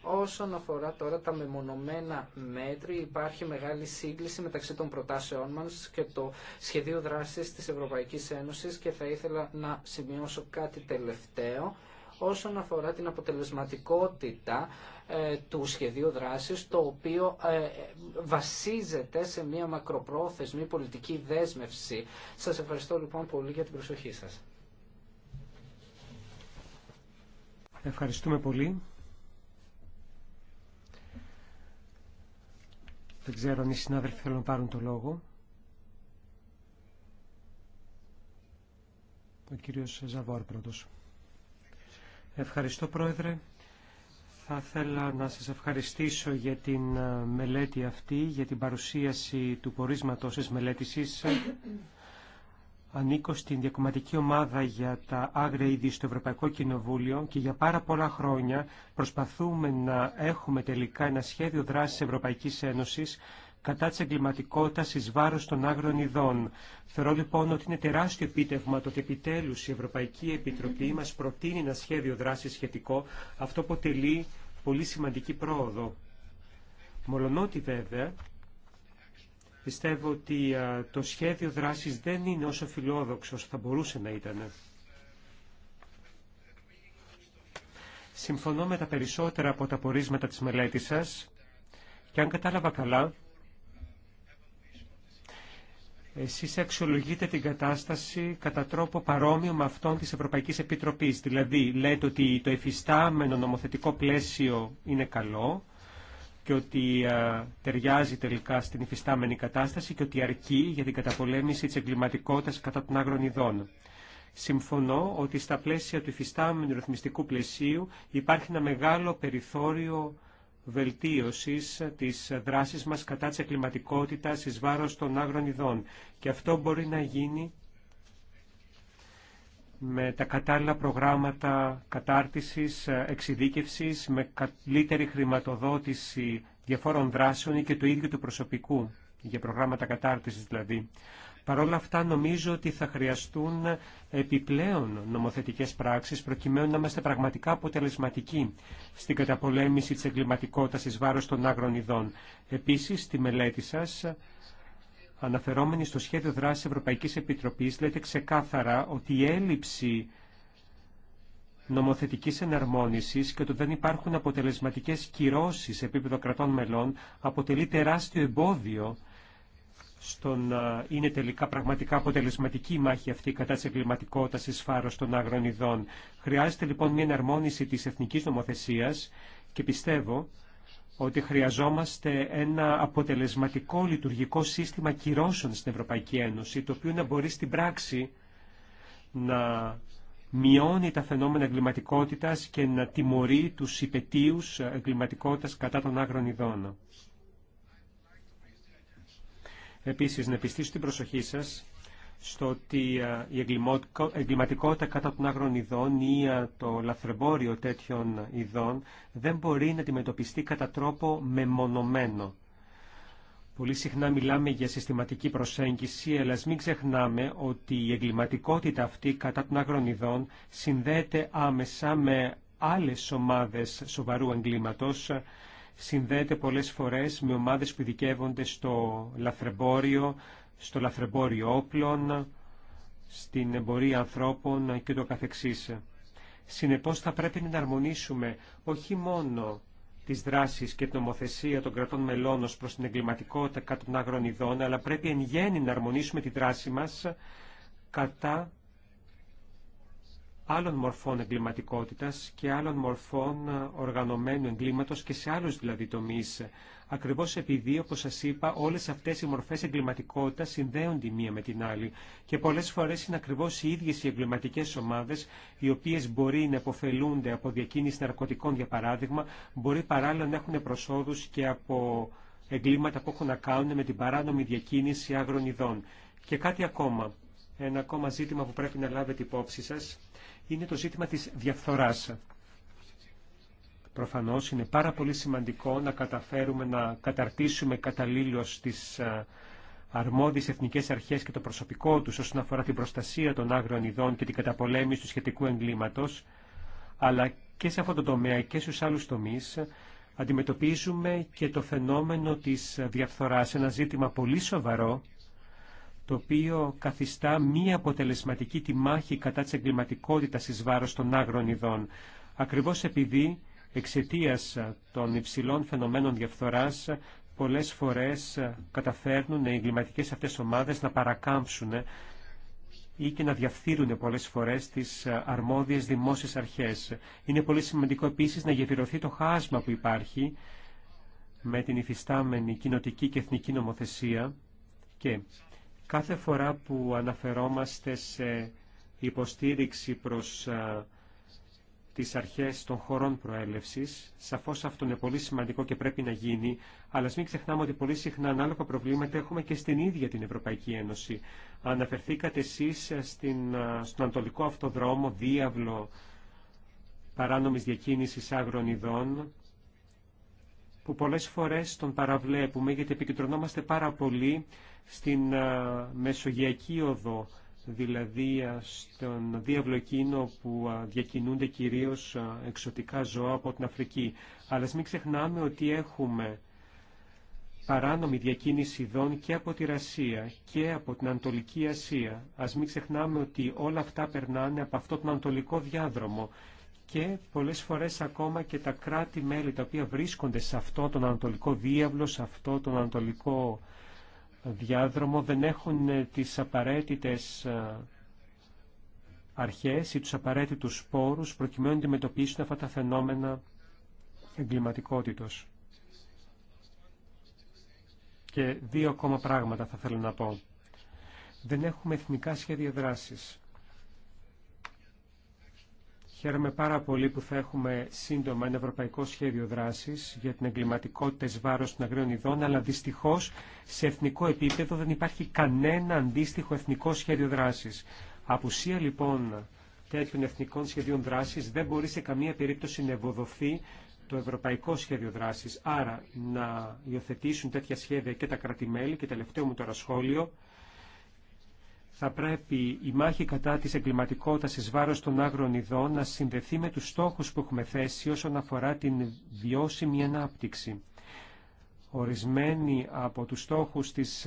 Όσον αφορά τώρα τα μεμονωμένα μέτρη, υπάρχει μεγάλη σύγκληση μεταξύ των προτάσεών μας και το σχεδίο δράσης της Ευρωπαϊκής Ένωσης και θα ήθελα να σημειώσω κάτι τελευταίο όσον αφορά την αποτελεσματικότητα ε, του σχεδίου δράσης, το οποίο ε, βασίζεται σε μια μακροπρόθεσμη πολιτική δέσμευση. Σας ευχαριστώ λοιπόν πολύ για την προσοχή σας. Ευχαριστούμε πολύ. Δεν ξέρω αν οι συνάδελφοι θέλουν να πάρουν το λόγο. Ο κύριος Ζαβόρ πρώτος. Ευχαριστώ Πρόεδρε. Θα ήθελα να σας ευχαριστήσω για την ε, μελέτη αυτή, για την παρουσίαση του πορίσματος της μελέτησης Ανήκω στην διακομματική ομάδα για τα άγρια είδη στο Ευρωπαϊκό Κοινοβούλιο και για πάρα πολλά χρόνια προσπαθούμε να έχουμε τελικά ένα σχέδιο δράσης Ευρωπαϊκής Ένωσης κατά της εγκληματικότητα εις βάρος των άγρων ειδών. Θεωρώ λοιπόν ότι είναι τεράστιο επίτευγμα το ότι επιτέλου η Ευρωπαϊκή Επιτροπή μας προτείνει ένα σχέδιο δράσης σχετικό. Αυτό αποτελεί πολύ σημαντική πρόοδο. Μολονότι βέβαια Πιστεύω ότι το σχέδιο δράσης δεν είναι όσο φιλόδοξο θα μπορούσε να ήταν. Συμφωνώ με τα περισσότερα από τα πορίσματα της μελέτης σας και αν κατάλαβα καλά, εσείς αξιολογείτε την κατάσταση κατά τρόπο παρόμοιο με αυτόν της Ευρωπαϊκής Επιτροπής. Δηλαδή, λέτε ότι το εφιστάμενο νομοθετικό πλαίσιο είναι καλό, και ότι α, ε, ταιριάζει τελικά στην υφιστάμενη κατάσταση και ότι αρκεί για την καταπολέμηση της εγκληματικότητας κατά των άγρων ειδών. Συμφωνώ ότι στα πλαίσια του υφιστάμενου ρυθμιστικού πλαισίου υπάρχει ένα μεγάλο περιθώριο βελτίωσης της δράσης μας κατά της εγκληματικότητας εις βάρος των άγρων ειδών και αυτό μπορεί να γίνει με τα κατάλληλα προγράμματα κατάρτισης, εξειδίκευσης, με καλύτερη χρηματοδότηση διαφόρων δράσεων και του ίδιου του προσωπικού, για προγράμματα κατάρτισης δηλαδή. Παρ' όλα αυτά νομίζω ότι θα χρειαστούν επιπλέον νομοθετικές πράξεις προκειμένου να είμαστε πραγματικά αποτελεσματικοί στην καταπολέμηση της εγκληματικότητας εις βάρος των άγρων ειδών. Επίσης, στη μελέτη σας αναφερόμενοι στο σχέδιο δράσης Ευρωπαϊκής Επιτροπής, λέτε ξεκάθαρα ότι η έλλειψη νομοθετικής εναρμόνισης και ότι δεν υπάρχουν αποτελεσματικές κυρώσεις σε επίπεδο κρατών μελών αποτελεί τεράστιο εμπόδιο στο να είναι τελικά πραγματικά αποτελεσματική η μάχη αυτή κατά της εγκληματικότητας εις φάρος των άγρων ειδών. Χρειάζεται λοιπόν μια εναρμόνιση της εθνικής νομοθεσίας και πιστεύω ότι χρειαζόμαστε ένα αποτελεσματικό λειτουργικό σύστημα κυρώσεων στην Ευρωπαϊκή Ένωση, το οποίο να μπορεί στην πράξη να μειώνει τα φαινόμενα εγκληματικότητα και να τιμωρεί τους υπετίους εγκληματικότητα κατά των άγρων ειδών. Επίσης, να επιστήσω την προσοχή σας στο ότι ε, η εγκληματικότητα κατά των άγρων ειδών ή ε, το λαθρεμπόριο τέτοιων ειδών δεν μπορεί να αντιμετωπιστεί κατά τρόπο μεμονωμένο. Πολύ συχνά μιλάμε για συστηματική προσέγγιση, αλλά μην ξεχνάμε ότι η εγκληματικότητα αυτή κατά των άγρων ειδών συνδέεται άμεσα με άλλες ομάδες σοβαρού εγκλήματος, συνδέεται πολλές φορές με ομάδες που ειδικεύονται στο λαθρεμπόριο, στο λαθρεμπόριο όπλων, στην εμπορία ανθρώπων και το καθεξής. Συνεπώς θα πρέπει να αρμονίσουμε όχι μόνο τις δράσεις και την νομοθεσία των κρατών μελών ως προς την εγκληματικότητα κατά των άγρων ειδών, αλλά πρέπει εν γέννη να αρμονίσουμε τη δράση μας κατά άλλων μορφών εγκληματικότητας και άλλων μορφών ε, οργανωμένου εγκλήματος και σε άλλους δηλαδή τομείς. Ακριβώς επειδή, όπως σας είπα, όλες αυτές οι μορφές εγκληματικότητας συνδέονται η μία με την άλλη και πολλές φορές είναι ακριβώς οι ίδιες οι εγκληματικές ομάδες οι οποίες μπορεί να υποφελούνται από διακίνηση ναρκωτικών, για παράδειγμα, μπορεί παράλληλα να έχουν προσόδους και από εγκλήματα που έχουν να κάνουν με την παράνομη διακίνηση άγρων ειδών. Και κάτι ακόμα, ένα ακόμα ζήτημα που πρέπει να λάβετε υπόψη σας είναι το ζήτημα της διαφθοράς. Προφανώς είναι πάρα πολύ σημαντικό να καταφέρουμε να καταρτήσουμε καταλήλως τις ε, αρμόδιες εθνικές αρχές και το προσωπικό τους όσον αφορά την προστασία των άγριων ειδών και την καταπολέμηση του σχετικού εγκλήματος, αλλά και σε αυτό το τομέα και στους άλλους τομείς αντιμετωπίζουμε και το φαινόμενο της διαφθοράς, ένα ζήτημα πολύ σοβαρό το οποίο καθιστά μη αποτελεσματική τη μάχη κατά της εγκληματικότητας εις βάρος των άγρων ειδών, ακριβώς επειδή εξαιτία των υψηλών φαινομένων διαφθοράς πολλές φορές καταφέρνουν οι εγκληματικές αυτές ομάδες να παρακάμψουν ή και να διαφθείρουν πολλές φορές τις αρμόδιες δημόσιες αρχές. Είναι πολύ σημαντικό επίσης να γεφυρωθεί το χάσμα που υπάρχει με την υφιστάμενη κοινοτική και εθνική νομοθεσία και Κάθε φορά που αναφερόμαστε σε υποστήριξη προς τις αρχές των χωρών προέλευσης. Σαφώς αυτό είναι πολύ σημαντικό και πρέπει να γίνει, αλλά μην ξεχνάμε ότι πολύ συχνά ανάλογα προβλήματα έχουμε και στην ίδια την Ευρωπαϊκή Ένωση. Αναφερθήκατε εσείς στην, στον Ανατολικό Αυτοδρόμο, διάβλο παράνομης διακίνησης άγρων ειδών που πολλές φορές τον παραβλέπουμε γιατί επικεντρωνόμαστε πάρα πολύ στην ε, μεσογειακή οδό, δηλαδή ε, στον διάβλο εκείνο που ε, διακινούνται κυρίως εξωτικά ζώα από την Αφρική. Αλλά μην ξεχνάμε ότι έχουμε παράνομη διακίνηση ειδών και από τη Ρασία και από την Ανατολική Ασία. Ας μην ξεχνάμε ότι όλα αυτά περνάνε από αυτό τον Ανατολικό διάδρομο και πολλές φορές ακόμα και τα κράτη-μέλη τα οποία βρίσκονται σε αυτό τον ανατολικό διάβλο, σε αυτό τον ανατολικό διάδρομο δεν έχουν ε, τις απαραίτητες ε, αρχές ή τους απαραίτητους σπόρους προκειμένου να αντιμετωπίσουν αυτά τα φαινόμενα εγκληματικότητος. Και δύο ακόμα πράγματα θα θέλω να πω. Δεν έχουμε εθνικά σχέδια δράσης. Χαίρομαι πάρα πολύ που θα έχουμε σύντομα ένα ευρωπαϊκό σχέδιο δράσης για την εγκληματικότητα εις βάρος των αγρίων ειδών, αλλά δυστυχώς σε εθνικό επίπεδο δεν υπάρχει κανένα αντίστοιχο εθνικό σχέδιο δράσης. Απουσία λοιπόν τέτοιων εθνικών σχεδίων δράσης δεν μπορεί σε καμία περίπτωση να ευοδοθεί το ευρωπαϊκό σχέδιο δράσης. Άρα να υιοθετήσουν τέτοια σχέδια και τα κρατημέλη και τελευταίο μου τώρα σχόλιο θα πρέπει η μάχη κατά της εγκληματικότητα, εις βάρος των άγρων ειδών να συνδεθεί με τους στόχους που έχουμε θέσει όσον αφορά την βιώσιμη ανάπτυξη. Ορισμένοι από τους στόχους της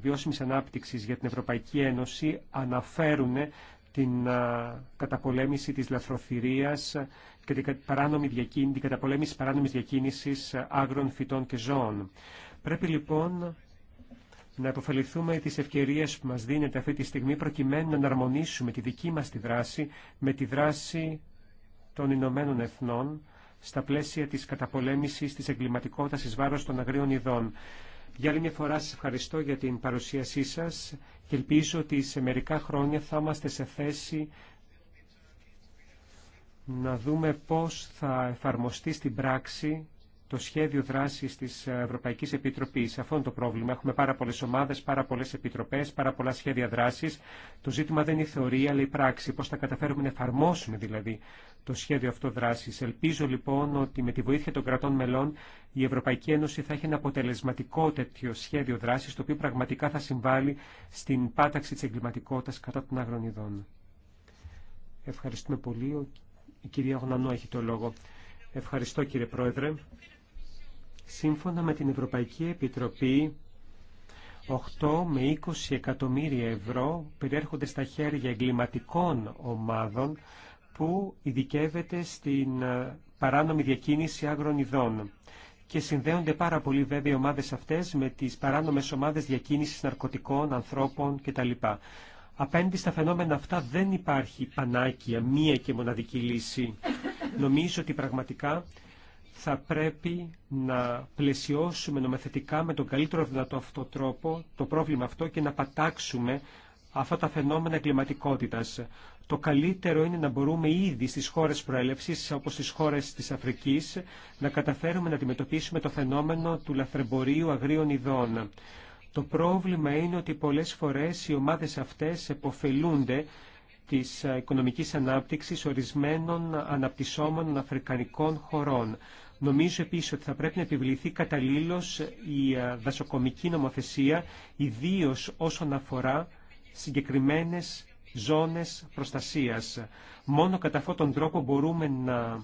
βιώσιμης ανάπτυξης για την Ευρωπαϊκή Ένωση αναφέρουν την καταπολέμηση της λαθροθυρίας και την, παράνομη διακίνηση, την παράνομης διακίνησης άγρων φυτών και ζώων. Πρέπει λοιπόν να υποφεληθούμε τις ευκαιρίε που μας δίνεται αυτή τη στιγμή προκειμένου να αναρμονίσουμε τη δική μας τη δράση με τη δράση των Ηνωμένων Εθνών στα πλαίσια της καταπολέμησης τη εγκληματικότητα ει βάρο των αγρίων ειδών. Για άλλη μια φορά σα ευχαριστώ για την παρουσίασή σας και ελπίζω ότι σε μερικά χρόνια θα είμαστε σε θέση να δούμε πώς θα εφαρμοστεί στην πράξη το σχέδιο δράσης της Ευρωπαϊκής Επιτροπής. Αυτό είναι το πρόβλημα. Έχουμε πάρα πολλές ομάδες, πάρα πολλές επιτροπές, πάρα πολλά σχέδια δράσης. Το ζήτημα δεν είναι η θεωρία, αλλά η πράξη. Πώς θα καταφέρουμε να εφαρμόσουμε δηλαδή το σχέδιο αυτό δράσης. Ελπίζω λοιπόν ότι με τη βοήθεια των κρατών μελών η Ευρωπαϊκή Ένωση θα έχει ένα αποτελεσματικό τέτοιο σχέδιο δράσης, το οποίο πραγματικά θα συμβάλλει στην πάταξη της εγκληματικότητας κατά των άγρων ειδών. Ευχαριστούμε πολύ. Η κυρία Γνανό έχει το λόγο. Ευχαριστώ κύριε Πρόεδρε. Σύμφωνα με την Ευρωπαϊκή Επιτροπή, 8 με 20 εκατομμύρια ευρώ περιέρχονται στα χέρια εγκληματικών ομάδων που ειδικεύεται στην ε, παράνομη διακίνηση άγρων ειδών και συνδέονται πάρα πολύ βέβαια οι ομάδες αυτές με τις παράνομες ομάδες διακίνησης ναρκωτικών, ανθρώπων κτλ. Απέναντι στα φαινόμενα αυτά δεν υπάρχει πανάκια, μία και μοναδική λύση. Νομίζω ότι πραγματικά θα πρέπει να πλαισιώσουμε νομοθετικά με τον καλύτερο δυνατό αυτό τρόπο το πρόβλημα αυτό και να πατάξουμε αυτά τα φαινόμενα εγκληματικότητα. Το καλύτερο είναι να μπορούμε ήδη στις χώρες προέλευσης, όπως στις χώρες της Αφρικής, να καταφέρουμε να αντιμετωπίσουμε το φαινόμενο του λαθρεμπορίου αγρίων ειδών. Το πρόβλημα είναι ότι πολλές φορές οι ομάδες αυτές εποφελούνται της οικονομικής ανάπτυξης ορισμένων αναπτυσσόμενων αφρικανικών χωρών. Νομίζω επίσης ότι θα πρέπει να επιβληθεί καταλήλως η ε, δασοκομική νομοθεσία, ιδίως όσον αφορά συγκεκριμένες ζώνες προστασίας. Μόνο κατά αυτόν τον τρόπο μπορούμε να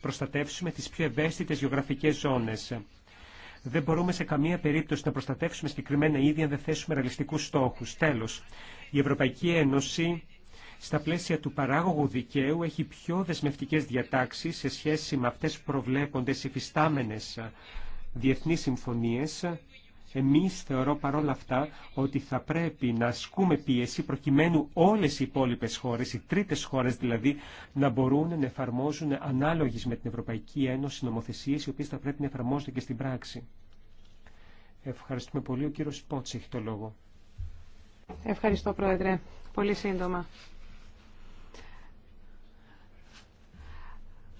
προστατεύσουμε τις πιο ευαίσθητες γεωγραφικές ζώνες. Δεν μπορούμε σε καμία περίπτωση να προστατεύσουμε συγκεκριμένα ίδια αν δεν θέσουμε ρεαλιστικούς στόχους. Τέλος, η Ευρωπαϊκή Ένωση στα πλαίσια του παράγωγου δικαίου έχει πιο δεσμευτικές διατάξεις σε σχέση με αυτές που προβλέπονται σε φυστάμενες διεθνείς συμφωνίες. Εμείς θεωρώ παρόλα αυτά ότι θα πρέπει να ασκούμε πίεση προκειμένου όλες οι υπόλοιπες χώρες, οι τρίτες χώρες δηλαδή, να μπορούν να εφαρμόζουν ανάλογες με την Ευρωπαϊκή Ένωση νομοθεσίες οι οποίες θα πρέπει να εφαρμόζονται και στην πράξη. Ευχαριστούμε πολύ. Ο κύριος Πότς έχει το λόγο. Ευχαριστώ, Πρόεδρε. Πολύ σύντομα.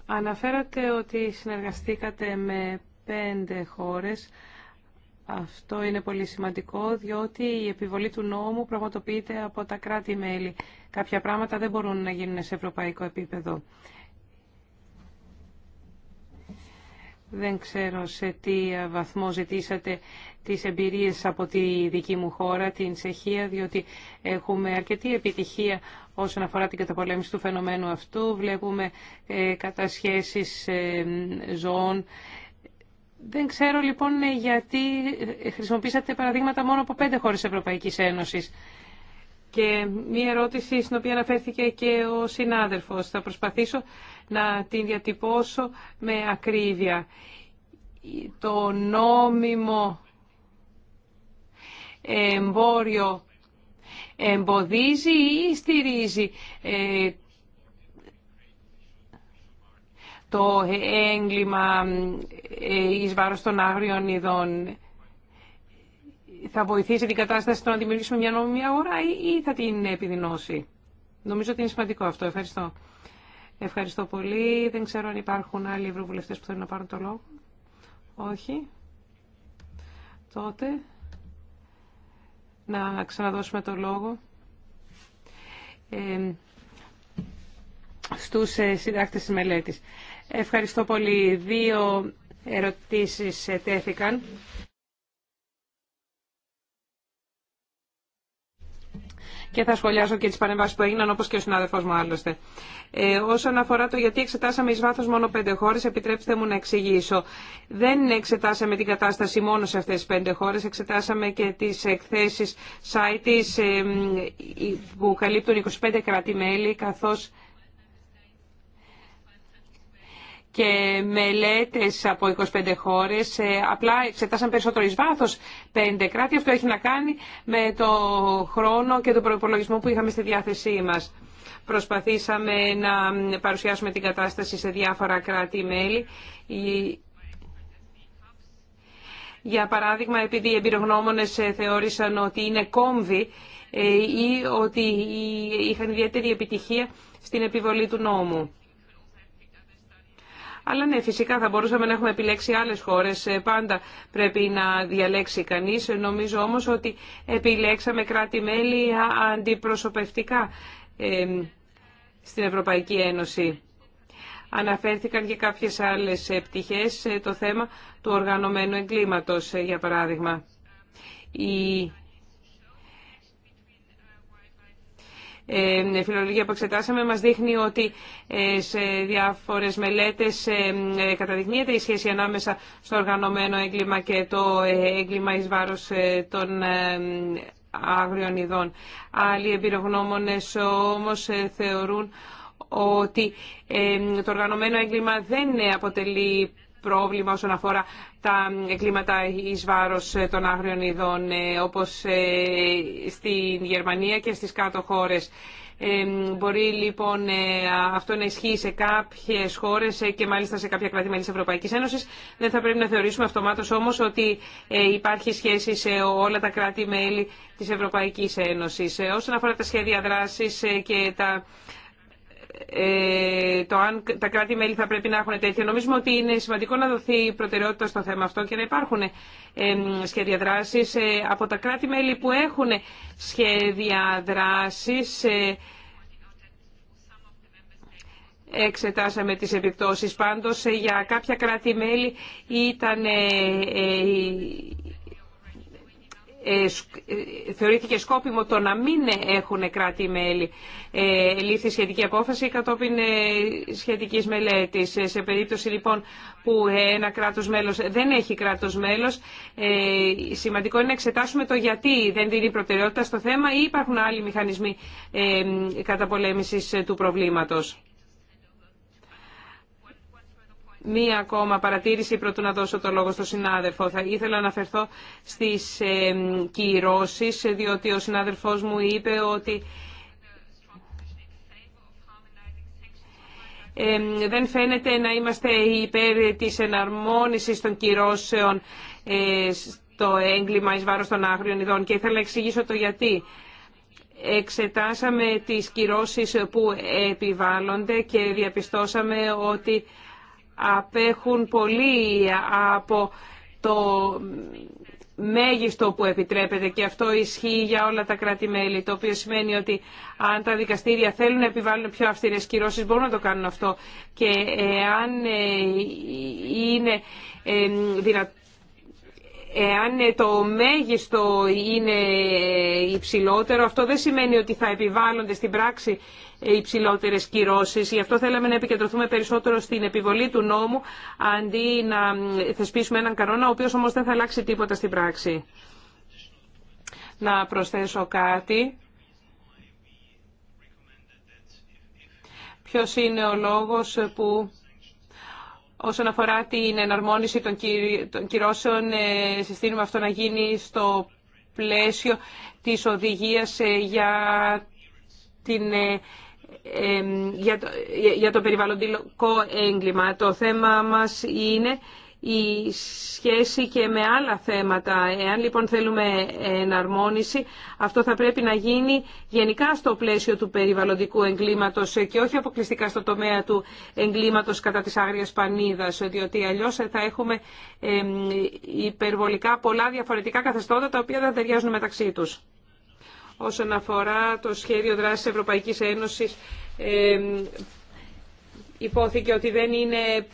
Αναφέρατε ότι συνεργαστήκατε με πέντε χώρες. Αυτό είναι πολύ σημαντικό, διότι η επιβολή του νόμου πραγματοποιείται από τα κράτη-μέλη. Κάποια πράγματα δεν μπορούν να γίνουν σε ευρωπαϊκό επίπεδο. Δεν ξέρω σε τι βαθμό ζητήσατε τις εμπειρίες από τη δική μου χώρα, την Σεχία, διότι έχουμε αρκετή επιτυχία όσον αφορά την καταπολέμηση του φαινομένου αυτού. Βλέπουμε ε, κατασχέσεις ε, ζώων. Δεν ξέρω λοιπόν γιατί χρησιμοποίησατε παραδείγματα μόνο από πέντε χώρες Ευρωπαϊκής Ένωσης. Και μία ερώτηση στην οποία αναφέρθηκε και ο συνάδελφος. Θα προσπαθήσω να την διατυπώσω με ακρίβεια. Το νόμιμο εμπόριο εμποδίζει ή στηρίζει ε, το έγκλημα ε, εις βάρος των άγριων ειδών θα βοηθήσει την κατάσταση το να δημιουργήσουμε μια νόμιμη αγορά ή θα την επιδεινώσει. Νομίζω ότι είναι σημαντικό αυτό. Ευχαριστώ. Ευχαριστώ πολύ. Δεν ξέρω αν υπάρχουν άλλοι ευρωβουλευτές που θέλουν να πάρουν το λόγο. Όχι. Τότε να ξαναδώσουμε το λόγο ε, στους συντάκτες της μελέτης. Ευχαριστώ πολύ. Δύο ερωτήσεις ε, τέθηκαν. και θα σχολιάσω και τις παρεμβάσει που έγιναν όπως και ο συνάδελφός μου άλλωστε. Ε, όσον αφορά το γιατί εξετάσαμε ει βάθο μόνο πέντε χώρε, επιτρέψτε μου να εξηγήσω. Δεν εξετάσαμε την κατάσταση μόνο σε αυτές τις πέντε χώρε, εξετάσαμε και τις εκθέσεις site που καλύπτουν 25 κράτη-μέλη καθώ. και μελέτες από 25 χώρες. Ε, απλά εξετάσαν περισσότερο εις βάθος πέντε κράτη. Αυτό έχει να κάνει με το χρόνο και τον προπολογισμό που είχαμε στη διάθεσή μας. Προσπαθήσαμε να παρουσιάσουμε την κατάσταση σε διάφορα κράτη-μέλη. Για παράδειγμα, επειδή οι εμπειρογνώμονες ε, θεώρησαν ότι είναι κόμβοι ε, ή ότι είχαν ιδιαίτερη επιτυχία στην επιβολή του νόμου. Αλλά ναι, φυσικά θα μπορούσαμε να έχουμε επιλέξει άλλες χώρες. Ε, πάντα πρέπει να διαλέξει κανείς. Νομίζω όμως ότι επιλέξαμε κράτη-μέλη αντιπροσωπευτικά ε, στην Ευρωπαϊκή Ένωση. Αναφέρθηκαν και κάποιες άλλες ε, πτυχές το θέμα του οργανωμένου εγκλήματος, για παράδειγμα. Ε, φιλολογία που εξετάσαμε μας δείχνει ότι ε, σε διάφορες μελέτες ε, καταδεικνύεται η σχέση ανάμεσα στο οργανωμένο έγκλημα και το έγκλημα εις βάρος των άγριων ειδών. Άλλοι εμπειρογνώμονες όμως θεωρούν ότι το οργανωμένο έγκλημα δεν αποτελεί πρόβλημα όσον αφορά τα κλίματα εις βάρος των άγριων ειδών, ε, όπως ε, στην Γερμανία και στις κάτω χώρες. Ε, μπορεί λοιπόν αυτό να ισχύει σε κάποιε χώρε και μάλιστα σε κάποια κράτη-μέλη τη Ευρωπαϊκή Ένωση. Δεν θα πρέπει να θεωρήσουμε αυτομάτω όμω ότι υπάρχει σχέση σε όλα τα κράτη-μέλη τη Ευρωπαϊκή Ένωση. Όσον αφορά τα σχέδια δράση και τα ε, το αν τα κράτη-μέλη θα πρέπει να έχουν τέτοια. Νομίζουμε ότι είναι σημαντικό να δοθεί προτεραιότητα στο θέμα αυτό και να υπάρχουν σχέδια δράσης ε, από τα κράτη-μέλη που έχουν σχέδια δράσης ε, εξετάσαμε τις επιπτώσεις. Πάντως για κάποια κράτη-μέλη ήταν ε, ε, θεωρήθηκε σκόπιμο το να μην έχουν κράτη-μέλη. Ε, λήφθη σχετική απόφαση κατόπιν σχετικής μελέτης. Σε περίπτωση λοιπόν που ένα κράτος μέλος δεν έχει κράτος μέλος, σημαντικό είναι να εξετάσουμε το γιατί δεν δίνει προτεραιότητα στο θέμα ή υπάρχουν άλλοι μηχανισμοί καταπολέμησης του προβλήματος. Μία ακόμα παρατήρηση πρωτού να δώσω το λόγο στον συνάδελφο. Θα ήθελα να αναφερθώ στις ε, κυρώσεις, διότι ο συνάδελφός μου είπε ότι δεν φαίνεται να είμαστε υπέρ της εναρμόνισης των κυρώσεων ε, στο έγκλημα εις βάρος των άγριων ειδών και ήθελα να εξηγήσω το γιατί. Εξετάσαμε τις κυρώσεις που επιβάλλονται και διαπιστώσαμε ότι απέχουν πολύ από το μέγιστο που επιτρέπεται και αυτό ισχύει για όλα τα κράτη-μέλη, το οποίο σημαίνει ότι αν τα δικαστήρια θέλουν να επιβάλλουν πιο αυστηρές κυρώσεις μπορούν να το κάνουν αυτό και αν ε, είναι ε, δυνατό Εάν ε, το μέγιστο είναι υψηλότερο, αυτό δεν σημαίνει ότι θα επιβάλλονται στην πράξη υψηλότερε κυρώσει. Γι' αυτό θέλαμε να επικεντρωθούμε περισσότερο στην επιβολή του νόμου, αντί να θεσπίσουμε έναν κανόνα, ο οποίο όμω δεν θα αλλάξει τίποτα στην πράξη. Να προσθέσω κάτι. Ποιος είναι ο λόγος που όσον αφορά την εναρμόνιση των κυρώσεων ε, συστήνουμε αυτό να γίνει στο πλαίσιο της οδηγίας ε, για την ε, για, το, ε, για το περιβαλλοντικό έγκλημα. Το θέμα μας είναι η σχέση και με άλλα θέματα. Εάν λοιπόν θέλουμε εναρμόνιση, αυτό θα πρέπει να γίνει γενικά στο πλαίσιο του περιβαλλοντικού εγκλήματος και όχι αποκλειστικά στο τομέα του εγκλήματος κατά της άγριας πανίδας, διότι αλλιώς θα έχουμε υπερβολικά πολλά διαφορετικά καθεστώτα τα οποία δεν ταιριάζουν μεταξύ τους όσον αφορά το σχέδιο δράσης Ευρωπαϊκής Ένωσης ε, υπόθηκε ότι δεν είναι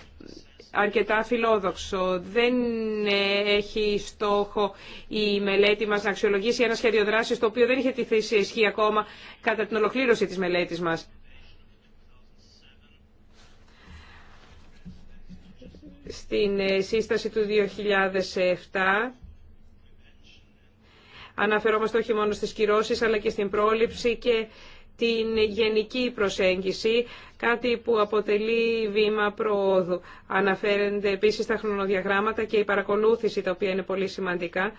αρκετά φιλόδοξο. Δεν ε, έχει στόχο η μελέτη μας να αξιολογήσει ένα σχέδιο δράσης το οποίο δεν είχε τη θέση ισχύ ακόμα κατά την ολοκλήρωση της μελέτης μας. Στην ε, σύσταση του 2007 Αναφερόμαστε όχι μόνο στις κυρώσεις αλλά και στην πρόληψη και την γενική προσέγγιση, κάτι που αποτελεί βήμα προόδου. Αναφέρονται επίσης τα χρονοδιαγράμματα και η παρακολούθηση, τα οποία είναι πολύ σημαντικά,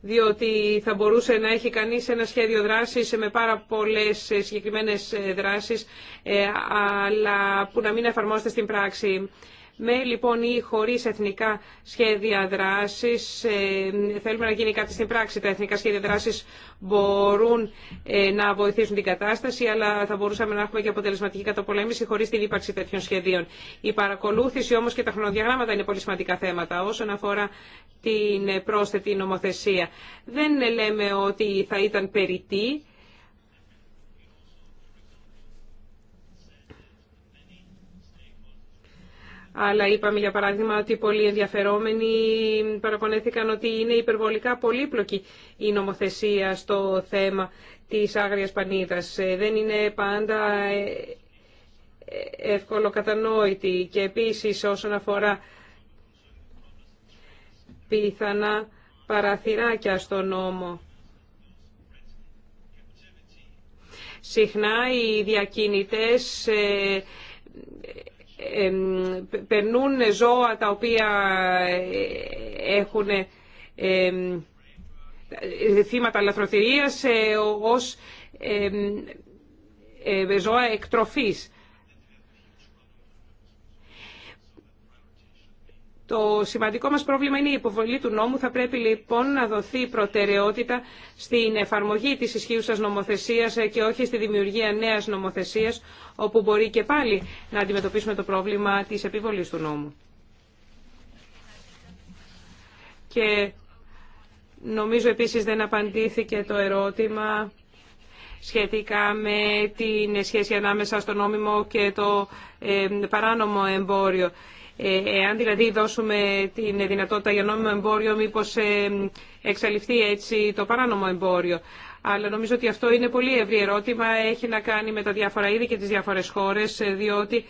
διότι θα μπορούσε να έχει κανείς ένα σχέδιο δράσης με πάρα πολλές συγκεκριμένες δράσεις, ε, αλλά που να μην εφαρμόζεται στην πράξη με λοιπόν ή χωρίς εθνικά σχέδια δράσης. Ε, θέλουμε να γίνει κάτι στην πράξη. Τα εθνικά σχέδια δράσης μπορούν ε, να βοηθήσουν την κατάσταση, αλλά θα μπορούσαμε να έχουμε και αποτελεσματική καταπολέμηση χωρίς την ύπαρξη τέτοιων σχεδίων. Η παρακολούθηση όμως και τα χρονοδιαγράμματα είναι πολύ σημαντικά θέματα όσον αφορά την πρόσθετη νομοθεσία. Δεν λέμε ότι θα ήταν περιττή αλλά είπαμε για παράδειγμα ότι πολλοί ενδιαφερόμενοι παραπονέθηκαν ότι είναι υπερβολικά πολύπλοκη η νομοθεσία στο θέμα της άγριας πανίδας. Ε, δεν είναι πάντα ε, εύκολο κατανόητη και επίσης όσον αφορά πιθανά παραθυράκια στο νόμο. Συχνά οι διακινητές ε, περνούν ζώα τα οποία ε, έχουν ε, θύματα λαθροθυρίας ε, ως ζώα εκτροφής. Το σημαντικό μας πρόβλημα είναι η υποβολή του νόμου. Θα πρέπει λοιπόν να δοθεί προτεραιότητα στην εφαρμογή της ισχύουσας νομοθεσίας και όχι στη δημιουργία νέας νομοθεσίας, όπου μπορεί και πάλι να αντιμετωπίσουμε το πρόβλημα της επιβολής του νόμου. Και νομίζω επίσης δεν απαντήθηκε το ερώτημα σχετικά με την σχέση ανάμεσα στο νόμιμο και το ε, παράνομο εμπόριο. Ε, εάν δηλαδή δώσουμε την δυνατότητα για νόμιμο εμπόριο, μήπως ε, εξαλειφθεί έτσι το παράνομο εμπόριο. Αλλά νομίζω ότι αυτό είναι πολύ ευρύ ερώτημα, έχει να κάνει με τα διάφορα είδη και τις διάφορες χώρες, ε, διότι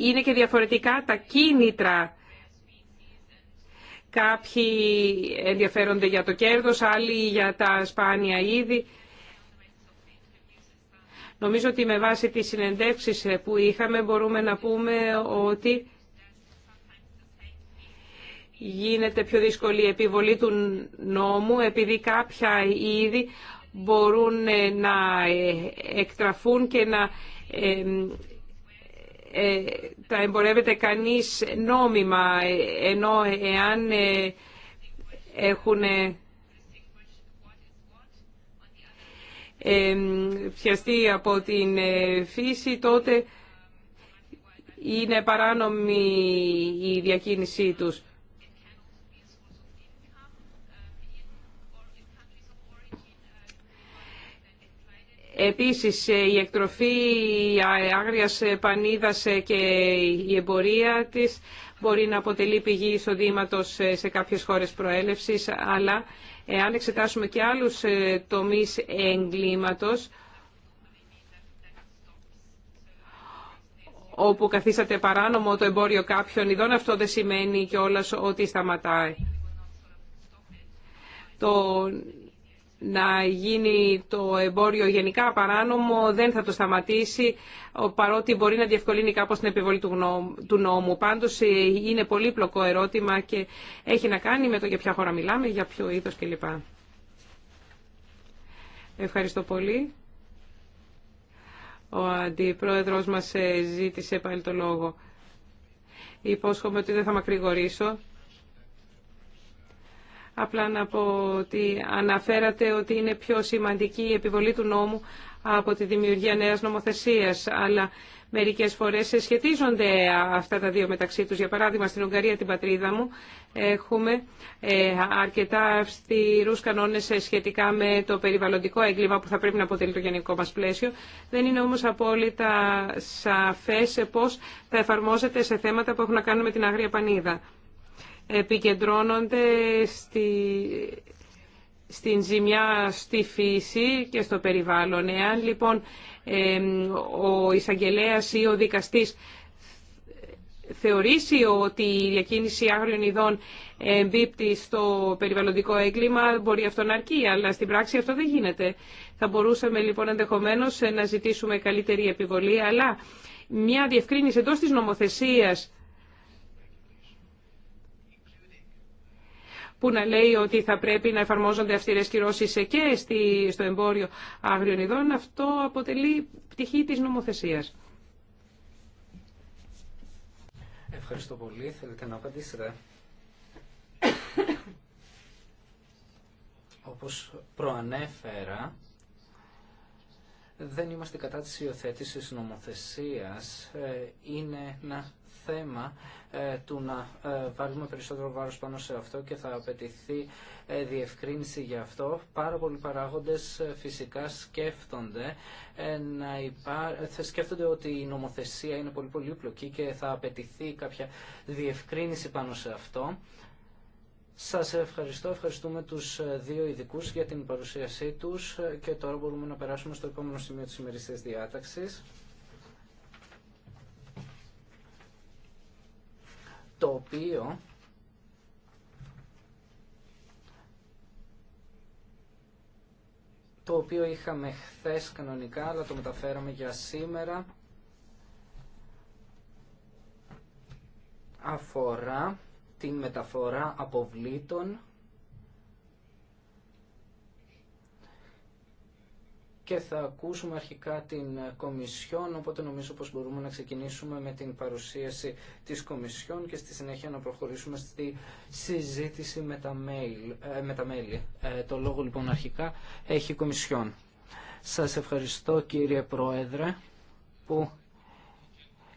είναι και διαφορετικά τα κίνητρα. Κάποιοι ενδιαφέρονται για το κέρδος, άλλοι για τα σπάνια είδη. Νομίζω ότι με βάση τις συνεντεύξεις ε, που είχαμε μπορούμε να πούμε ότι γίνεται πιο δύσκολη η επιβολή του νόμου επειδή κάποια είδη μπορούν ε, να ε, εκτραφούν και να τα εμπορεύεται κανείς νόμιμα ενώ εάν έχουν πιαστεί από την ε, φύση, τότε είναι παράνομη η διακίνησή τους. Επίσης, ε, η εκτροφή άγριας πανίδας ε, και η εμπορία της μπορεί να αποτελεί πηγή εισοδήματος σε κάποιες χώρες προέλευσης, αλλά Εάν εξετάσουμε και άλλους ε, τομείς εγκλήματος, όπου καθίσατε παράνομο το εμπόριο κάποιων ειδών, αυτό δεν σημαίνει κιόλας ότι σταματάει. Το να γίνει το εμπόριο γενικά παράνομο δεν θα το σταματήσει παρότι μπορεί να διευκολύνει κάπως την επιβολή του, νόμου. Πάντως ε, είναι πολύ πλοκό ερώτημα και έχει να κάνει με το για ποια χώρα μιλάμε, για ποιο είδος κλπ. Ευχαριστώ πολύ. Ο αντιπρόεδρος μας ε, ζήτησε πάλι το λόγο. Υπόσχομαι ότι δεν θα μακρηγορήσω. Απλά να πω ότι αναφέρατε ότι είναι πιο σημαντική η επιβολή του νόμου από τη δημιουργία νέας νομοθεσίας, αλλά μερικές φορές σχετίζονται αυτά τα δύο μεταξύ τους. Για παράδειγμα, στην Ουγγαρία, την πατρίδα μου, έχουμε ε, αρκετά αυστηρούς κανόνες σχετικά με το περιβαλλοντικό έγκλημα που θα πρέπει να αποτελεί το γενικό μας πλαίσιο. Δεν είναι όμως απόλυτα σαφές πώς θα εφαρμόζεται σε θέματα που έχουν να κάνουν με την αγρία πανίδα επικεντρώνονται στη, στην ζημιά στη φύση και στο περιβάλλον. Εάν λοιπόν ο εισαγγελέα ή ο δικαστής θεωρήσει ότι η διακίνηση άγριων ειδών εμπίπτει στο περιβαλλοντικό έγκλημα, μπορεί αυτό να αρκεί, αλλά στην πράξη αυτό δεν γίνεται. Θα μπορούσαμε λοιπόν ενδεχομένως να ζητήσουμε καλύτερη επιβολή, αλλά μια διευκρίνηση εντός της νομοθεσίας που να λέει ότι θα πρέπει να εφαρμόζονται αυστηρές κυρώσεις και στο εμπόριο άγριων ειδών, αυτό αποτελεί πτυχή της νομοθεσίας. Ευχαριστώ πολύ. Θέλετε να απαντήσετε. Όπως προανέφερα, δεν είμαστε κατά της υιοθέτησης νομοθεσίας. Ε, είναι να θέμα ε, του να ε, βάλουμε περισσότερο βάρος πάνω σε αυτό και θα απαιτηθεί ε, διευκρίνηση για αυτό. Πάρα πολλοί παράγοντες φυσικά σκέφτονται, να υπά... σκέφτονται ότι η νομοθεσία είναι πολύ πολύπλοκη και θα απαιτηθεί κάποια διευκρίνηση πάνω σε αυτό. Σας ευχαριστώ, ευχαριστούμε τους δύο ειδικούς για την παρουσίασή τους και τώρα μπορούμε να περάσουμε στο επόμενο σημείο της ημερησίας διάταξης. το οποίο το οποίο είχαμε χθες κανονικά αλλά το μεταφέραμε για σήμερα αφορά την μεταφορά αποβλήτων και θα ακούσουμε αρχικά την Κομισιόν, οπότε νομίζω πως μπορούμε να ξεκινήσουμε με την παρουσίαση της Κομισιόν και στη συνέχεια να προχωρήσουμε στη συζήτηση με τα, ε, μέλη. Ε, το λόγο λοιπόν αρχικά έχει η Κομισιόν. Σας ευχαριστώ κύριε Πρόεδρε που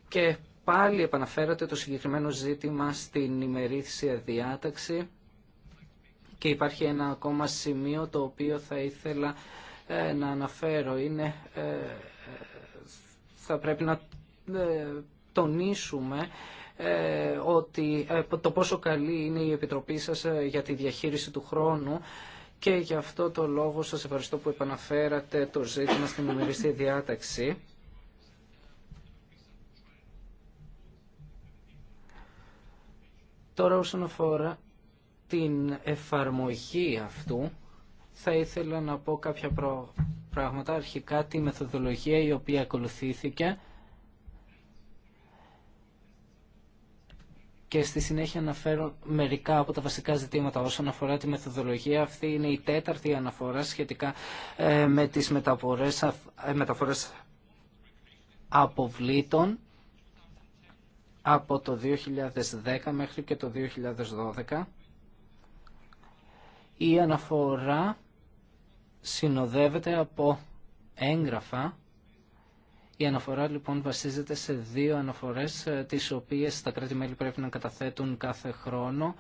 και πάλι επαναφέρατε το συγκεκριμένο ζήτημα στην ημερήθησια διάταξη και υπάρχει ένα ακόμα σημείο το οποίο θα ήθελα ε, να αναφέρω είναι ε, ε, θα πρέπει να τονίσουμε ότι το πόσο καλή είναι η Επιτροπή σας για τη διαχείριση του χρόνου και γι' αυτό το λόγο σας ευχαριστώ που επαναφέρατε το ζήτημα στην ημερήσια διάταξη. Τώρα όσον αφορά την εφαρμογή αυτού, θα ήθελα να πω κάποια πράγματα. Αρχικά τη μεθοδολογία η οποία ακολουθήθηκε και στη συνέχεια αναφέρω μερικά από τα βασικά ζητήματα όσον αφορά τη μεθοδολογία. Αυτή είναι η τέταρτη αναφορά σχετικά ε, με τις μεταφορές, ε, μεταφορές αποβλήτων από το 2010 μέχρι και το 2012. Η αναφορά συνοδεύεται από έγγραφα. Η αναφορά λοιπόν βασίζεται σε δύο αναφορές ε, τις οποίες τα κράτη-μέλη πρέπει να καταθέτουν κάθε χρόνο.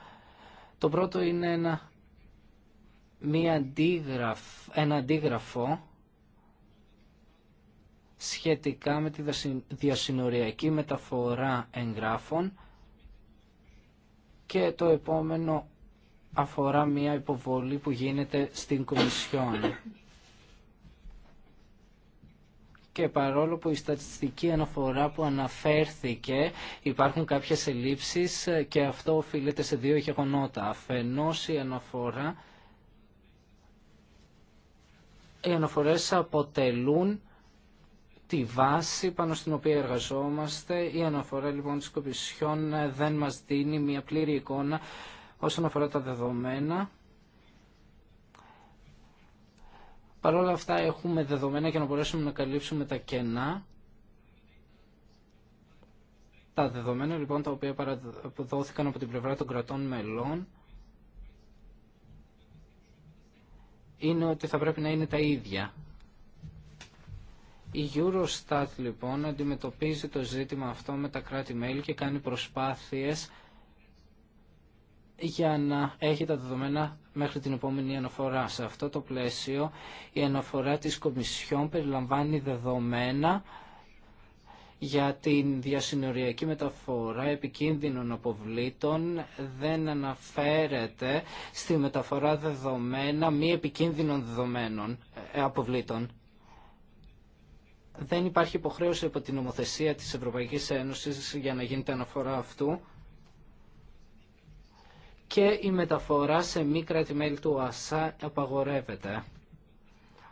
Το πρώτο είναι ένα, μία αντίγραφ, ένα αντίγραφο σχετικά με τη διασυνοριακή μεταφορά εγγράφων και το επόμενο αφορά μια υποβολή που γίνεται στην Κομισιόν. Και παρόλο που η στατιστική αναφορά που αναφέρθηκε υπάρχουν κάποιες ελλείψεις και αυτό οφείλεται σε δύο γεγονότα. Αφενός η αναφορά, οι αναφορές αποτελούν τη βάση πάνω στην οποία εργαζόμαστε. Η αναφορά λοιπόν της Κομισιόν δεν μας δίνει μια πλήρη εικόνα Όσον αφορά τα δεδομένα, παρόλα αυτά έχουμε δεδομένα για να μπορέσουμε να καλύψουμε τα κενά. Τα δεδομένα λοιπόν τα οποία παραδόθηκαν από την πλευρά των κρατών μελών είναι ότι θα πρέπει να είναι τα ίδια. Η Eurostat λοιπόν αντιμετωπίζει το ζήτημα αυτό με τα κράτη-μέλη και κάνει προσπάθειες για να έχει τα δεδομένα μέχρι την επόμενη αναφορά. Σε αυτό το πλαίσιο η αναφορά της Κομισιόν περιλαμβάνει δεδομένα για την διασυνοριακή μεταφορά επικίνδυνων αποβλήτων δεν αναφέρεται στη μεταφορά δεδομένα μη επικίνδυνων δεδομένων ε, αποβλήτων. Δεν υπάρχει υποχρέωση από την νομοθεσία της Ευρωπαϊκής Ένωσης για να γίνεται αναφορά αυτού και η μεταφορά σε μη κράτη-μέλη του ΟΑΣΑ απαγορεύεται.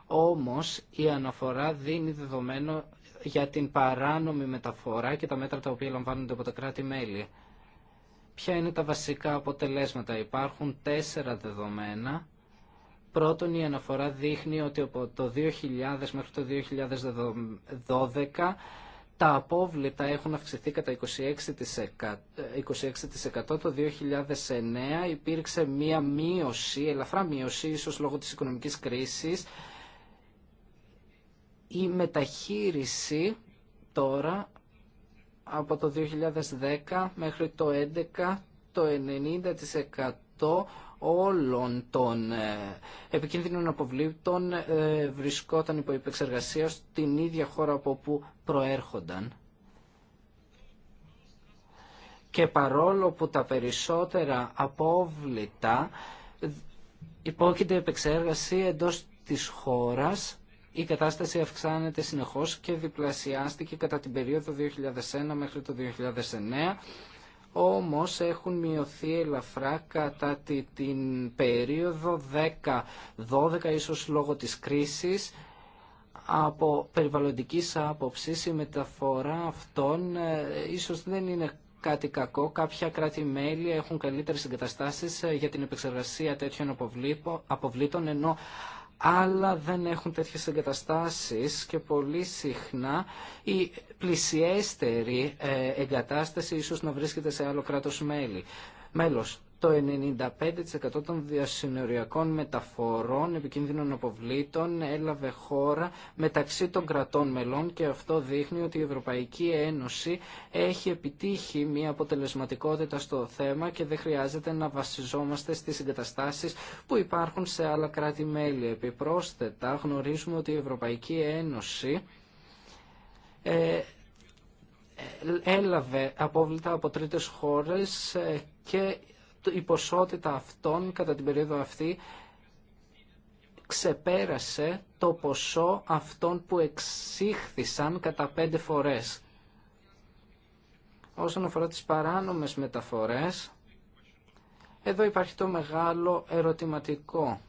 Όμως η αναφορά δίνει δεδομένο για την παράνομη μεταφορά και τα μέτρα τα οποία λαμβάνονται από τα κράτη-μέλη. Ποια είναι τα βασικά αποτελέσματα. Υπάρχουν τέσσερα δεδομένα. Πρώτον, η αναφορά δείχνει ότι από το 2000 μέχρι το 2012 τα απόβλητα έχουν αυξηθεί κατά 26%, 26 το 2009. Υπήρξε μία μείωση, ελαφρά μείωση, ίσως λόγω της οικονομικής κρίσης. Η μεταχείριση τώρα από το 2010 μέχρι το 2011 το 90% όλων των ε, επικίνδυνων αποβλήτων ε, βρισκόταν υπό υπεξεργασία στην ίδια χώρα από όπου προέρχονταν. Και παρόλο που τα περισσότερα απόβλητα υπόκειται επεξέργαση εντός της χώρας, η κατάσταση αυξάνεται συνεχώς και διπλασιάστηκε κατά την περίοδο 2001 μέχρι το 2009 όμως έχουν μειωθεί ελαφρά κατά την περίοδο 10-12 ίσως λόγω της κρίσης από περιβαλλοντικής άποψης η μεταφορά αυτών ε, ίσως δεν είναι κάτι κακό. Κάποια κράτη-μέλη έχουν καλύτερες εγκαταστάσεις ε, για την επεξεργασία τέτοιων αποβλήτων, ενώ αλλά δεν έχουν τέτοιες εγκαταστάσεις και πολύ συχνά η πλησιέστερη ε, εγκατάσταση ίσως να βρίσκεται σε άλλο κράτος μέλη το 95% των διασυνοριακών μεταφορών επικίνδυνων αποβλήτων έλαβε χώρα μεταξύ των κρατών μελών και αυτό δείχνει ότι η Ευρωπαϊκή Ένωση έχει επιτύχει μια αποτελεσματικότητα στο θέμα και δεν χρειάζεται να βασιζόμαστε στις εγκαταστάσεις που υπάρχουν σε άλλα κράτη-μέλη. Επιπρόσθετα γνωρίζουμε ότι η Ευρωπαϊκή Ένωση ε, έλαβε απόβλητα από τρίτες χώρες και η ποσότητα αυτών κατά την περίοδο αυτή ξεπέρασε το ποσό αυτών που εξήχθησαν κατά πέντε φορές. Όσον αφορά τις παράνομες μεταφορές, εδώ υπάρχει το μεγάλο ερωτηματικό.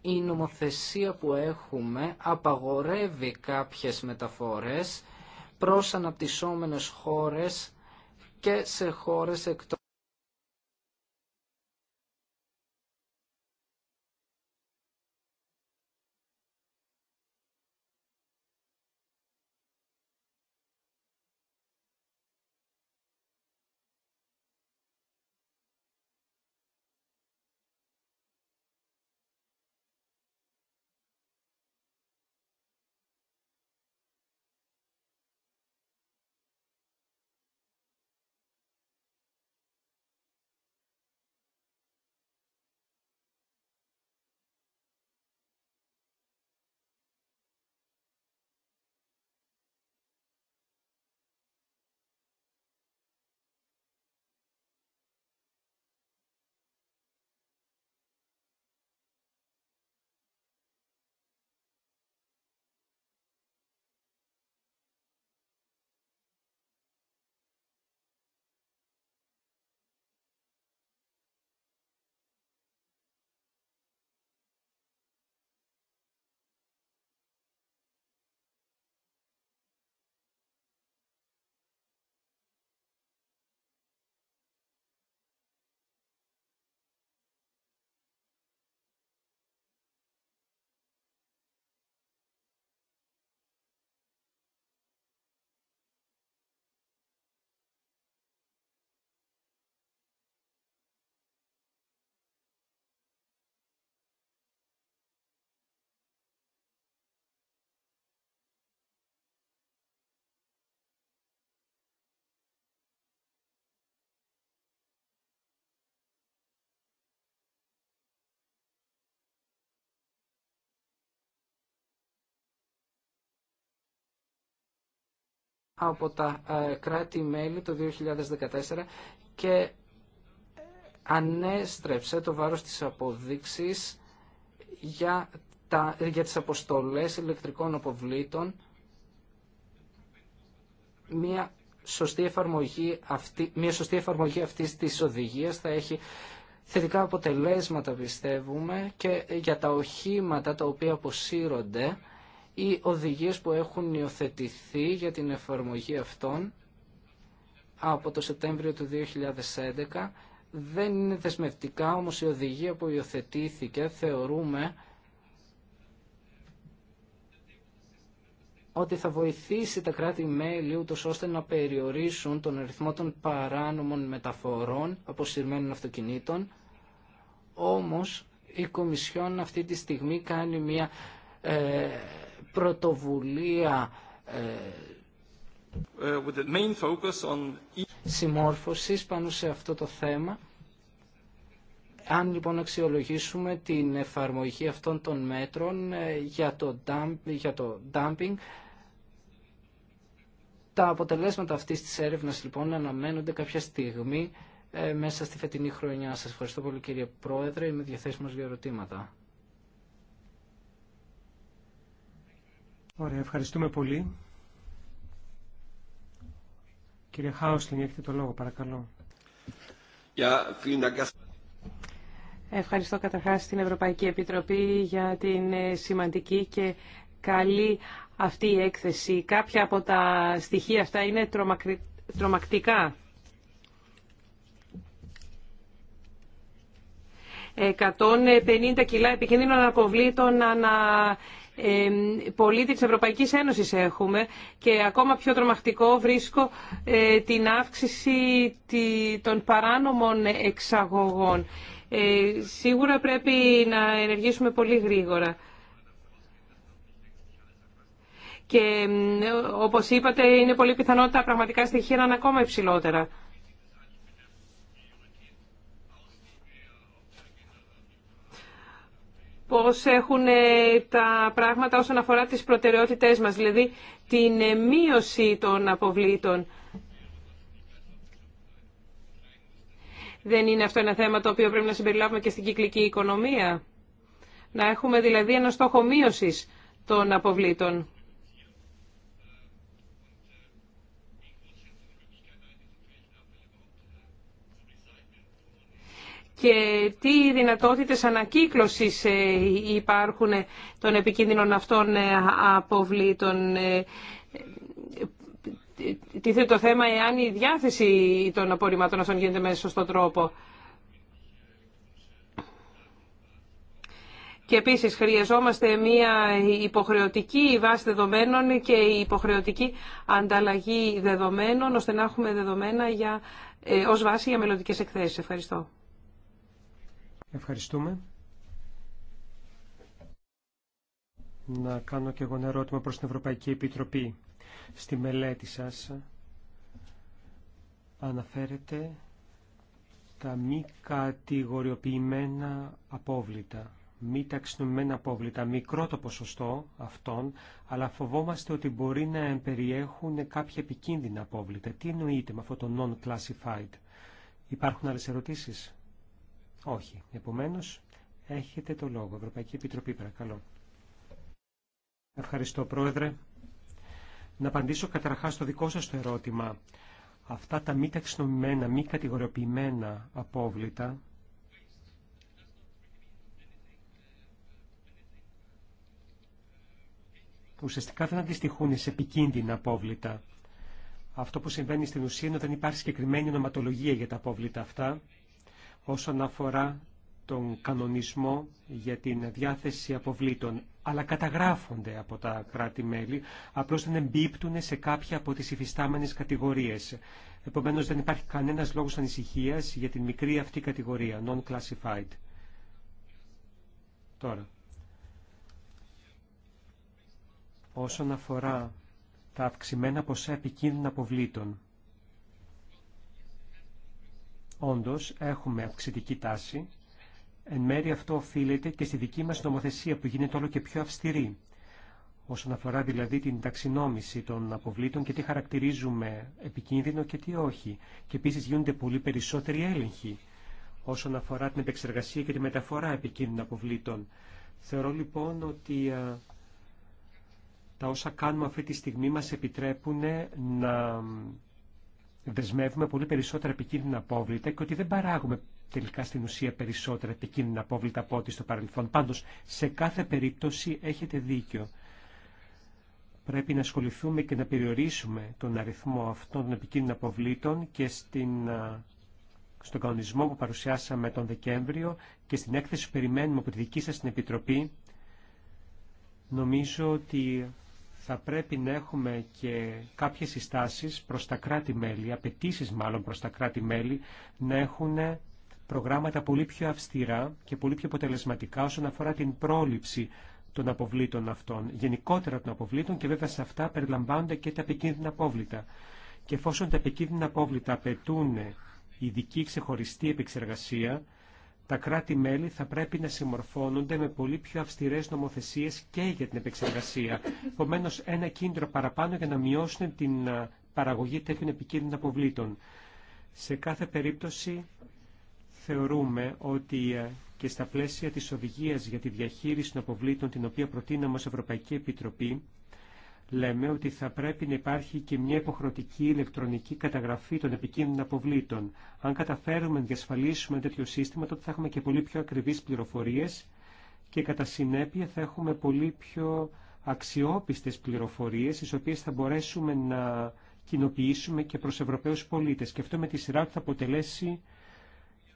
Η νομοθεσία που έχουμε απαγορεύει κάποιες μεταφορές προς αναπτυσσόμενες χώρες και σε χώρες εκτός. από τα ε, κράτη-μέλη το 2014 και ανέστρεψε το βάρος της αποδείξης για, τα, για τις αποστολές ηλεκτρικών αποβλήτων μια σωστή εφαρμογή, αυτή, μια σωστή εφαρμογή αυτής της οδηγίας θα έχει θετικά αποτελέσματα πιστεύουμε και για τα οχήματα τα οποία αποσύρονται οι οδηγίες που έχουν υιοθετηθεί για την εφαρμογή αυτών από το Σεπτέμβριο του 2011 δεν είναι δεσμευτικά, όμως η οδηγία που υιοθετήθηκε θεωρούμε ότι θα βοηθήσει τα κράτη-μέλη ούτως ώστε να περιορίσουν τον αριθμό των παράνομων μεταφορών αποσυρμένων αυτοκινήτων. Όμως η Κομισιόν αυτή τη στιγμή κάνει μια ε, πρωτοβουλία ε, ε e- πάνω σε αυτό το θέμα. Αν λοιπόν αξιολογήσουμε την εφαρμογή αυτών των μέτρων ε, για το, dump, dumping, τα αποτελέσματα αυτής της έρευνας λοιπόν αναμένονται κάποια στιγμή ε, μέσα στη φετινή χρονιά. Σας ευχαριστώ πολύ κύριε Πρόεδρε, είμαι διαθέσιμος για ερωτήματα. Ωραία, ευχαριστούμε πολύ. Κύριε Χάουσλινγκ, έχετε το λόγο, παρακαλώ. Ευχαριστώ καταρχάς την Ευρωπαϊκή Επιτροπή για την ε, σημαντική και καλή αυτή έκθεση. Κάποια από τα στοιχεία αυτά είναι τρομακτικά. 150 κιλά επικίνδυνων αποβλήτων ανα πολίτη της Ευρωπαϊκής Ένωσης έχουμε και ακόμα πιο τρομακτικό βρίσκω ε, την αύξηση των παράνομων εξαγωγών. Ε, σίγουρα πρέπει να ενεργήσουμε πολύ γρήγορα. Και όπως είπατε είναι πολύ πιθανότητα πραγματικά στοιχεία να είναι ακόμα υψηλότερα. πώς έχουν ε, τα πράγματα όσον αφορά τις προτεραιότητές μας, δηλαδή την ε, μείωση των αποβλήτων. Δεν είναι αυτό ένα θέμα το οποίο πρέπει να συμπεριλάβουμε και στην κυκλική οικονομία. Να έχουμε δηλαδή ένα στόχο μείωσης των αποβλήτων. και τι δυνατότητες ανακύκλωσης ε, υπάρχουν των επικίνδυνων αυτών ε, αποβλήτων. Ε, τι το θέμα εάν η διάθεση των απορριμμάτων αυτών γίνεται με στον τρόπο. Και επίσης χρειαζόμαστε μια υποχρεωτική βάση δεδομένων και υποχρεωτική ανταλλαγή δεδομένων ώστε να έχουμε δεδομένα για, ως βάση για μελλοντικές εκθέσεις. Ευχαριστώ. Ευχαριστούμε. Να κάνω και εγώ ένα ερώτημα προς την Ευρωπαϊκή Επιτροπή. Στη μελέτη σας αναφέρεται τα μη κατηγοριοποιημένα απόβλητα, μη ταξινομημένα απόβλητα, μικρό το ποσοστό αυτών, αλλά φοβόμαστε ότι μπορεί να περιέχουν κάποια επικίνδυνα απόβλητα. Τι εννοείται με αυτό το non-classified. Υπάρχουν άλλες ερωτήσεις. Όχι. Επομένως, έχετε το λόγο. Ευρωπαϊκή Επιτροπή, παρακαλώ. Ευχαριστώ, Πρόεδρε. Να απαντήσω καταρχάς στο δικό σας το ερώτημα. Αυτά τα μη ταξινομημένα, μη κατηγοριοποιημένα απόβλητα ουσιαστικά δεν αντιστοιχούν σε επικίνδυνα απόβλητα. Αυτό που συμβαίνει στην ουσία είναι ότι δεν υπάρχει συγκεκριμένη ονοματολογία για τα απόβλητα αυτά όσον αφορά τον κανονισμό για την διάθεση αποβλήτων, αλλά καταγράφονται από τα κράτη-μέλη, απλώς δεν εμπίπτουν σε κάποια από τις υφιστάμενες κατηγορίες. Επομένως δεν υπάρχει κανένας λόγος ανησυχίας για την μικρή αυτή κατηγορία, non-classified. Τώρα, όσον αφορά τα αυξημένα ποσά επικίνδυνα αποβλήτων, Όντως, έχουμε αυξητική τάση. Εν μέρει αυτό οφείλεται και στη δική μας νομοθεσία που γίνεται όλο και πιο αυστηρή. Όσον αφορά δηλαδή την ταξινόμηση των αποβλήτων και τι χαρακτηρίζουμε επικίνδυνο και τι όχι. Και επίσης γίνονται πολύ περισσότεροι έλεγχοι όσον αφορά την επεξεργασία και τη μεταφορά επικίνδυνων αποβλήτων. Θεωρώ λοιπόν ότι τα όσα κάνουμε αυτή τη στιγμή μας επιτρέπουν να δεσμεύουμε πολύ περισσότερα επικίνδυνα απόβλητα και ότι δεν παράγουμε τελικά στην ουσία περισσότερα επικίνδυνα απόβλητα από ό,τι στο παρελθόν. Πάντως, σε κάθε περίπτωση έχετε δίκιο. Πρέπει να ασχοληθούμε και να περιορίσουμε τον αριθμό αυτών των επικίνδυνων αποβλήτων και στην, στον κανονισμό που παρουσιάσαμε τον Δεκέμβριο και στην έκθεση που περιμένουμε από τη δική σας Επιτροπή. Νομίζω ότι θα πρέπει να έχουμε και κάποιες συστάσεις προς τα κράτη-μέλη, απαιτήσει μάλλον προς τα κράτη-μέλη, να έχουν προγράμματα πολύ πιο αυστηρά και πολύ πιο αποτελεσματικά όσον αφορά την πρόληψη των αποβλήτων αυτών, γενικότερα των αποβλήτων και βέβαια σε αυτά περιλαμβάνονται και τα επικίνδυνα απόβλητα. Και εφόσον τα επικίνδυνα απόβλητα απαιτούν ειδική ξεχωριστή επεξεργασία, τα κράτη-μέλη θα πρέπει να συμμορφώνονται με πολύ πιο αυστηρές νομοθεσίες και για την επεξεργασία. Επομένω, ένα κίνητρο παραπάνω για να μειώσουν την παραγωγή τέτοιων επικίνδυνων αποβλήτων. Σε κάθε περίπτωση θεωρούμε ότι και στα πλαίσια της οδηγίας για τη διαχείριση των αποβλήτων την οποία προτείναμε ως Ευρωπαϊκή Επιτροπή λέμε ότι θα πρέπει να υπάρχει και μια υποχρεωτική ηλεκτρονική καταγραφή των επικίνδυνων αποβλήτων. Αν καταφέρουμε να διασφαλίσουμε τέτοιο σύστημα, τότε θα έχουμε και πολύ πιο ακριβείς πληροφορίες και κατά συνέπεια θα έχουμε πολύ πιο αξιόπιστες πληροφορίες, τις οποίες θα μπορέσουμε να κοινοποιήσουμε και προς Ευρωπαίους πολίτες. Και αυτό με τη σειρά του θα αποτελέσει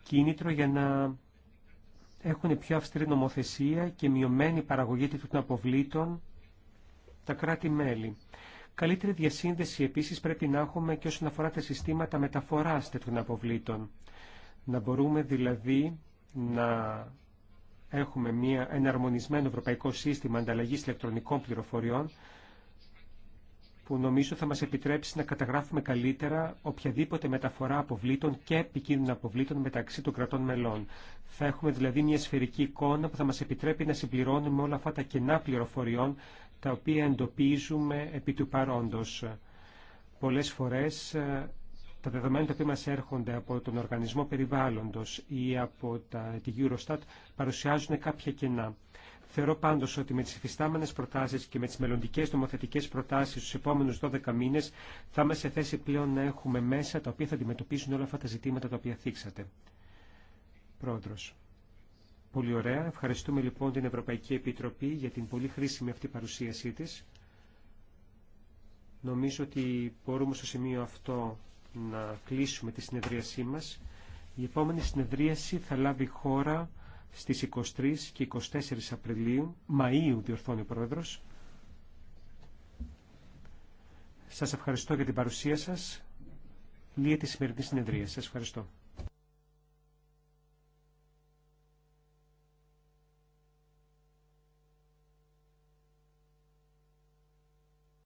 κίνητρο για να έχουν πιο αυστηρή νομοθεσία και μειωμένη παραγωγή τέτοιων αποβλήτων κράτη-μέλη. Καλύτερη διασύνδεση επίσης πρέπει να έχουμε και όσον αφορά τα συστήματα μεταφοράς τέτοιων αποβλήτων. Να μπορούμε δηλαδή να έχουμε μια, ένα αρμονισμένο ευρωπαϊκό σύστημα ανταλλαγής ηλεκτρονικών πληροφοριών που νομίζω θα μας επιτρέψει να καταγράφουμε καλύτερα οποιαδήποτε μεταφορά αποβλήτων και επικίνδυνα αποβλήτων μεταξύ των κρατών μελών. Θα έχουμε δηλαδή μια σφαιρική εικόνα που θα μας επιτρέπει να συμπληρώνουμε όλα αυτά τα κενά πληροφοριών τα οποία εντοπίζουμε επί του παρόντος. Πολλές φορές ε, τα δεδομένα τα οποία μας έρχονται από τον Οργανισμό Περιβάλλοντος ή από τα, τη Eurostat παρουσιάζουν κάποια κενά. Θεωρώ πάντω ότι με τι υφιστάμενε προτάσει και με τι μελλοντικέ νομοθετικέ προτάσει στου επόμενου 12 μήνε θα είμαστε σε θέση πλέον να έχουμε μέσα τα οποία θα αντιμετωπίσουν όλα αυτά τα ζητήματα τα οποία θίξατε. Πρόεδρος. Πολύ ωραία. Ευχαριστούμε λοιπόν την Ευρωπαϊκή Επιτροπή για την πολύ χρήσιμη αυτή παρουσίασή της. Νομίζω ότι μπορούμε στο σημείο αυτό να κλείσουμε τη συνεδρίασή μας. Η επόμενη συνεδρίαση θα λάβει χώρα στις 23 και 24 Απριλίου, Μαΐου διορθώνει ο Πρόεδρος. Σας ευχαριστώ για την παρουσία σας. Λύε τη σημερινή συνεδρία. Σας ευχαριστώ.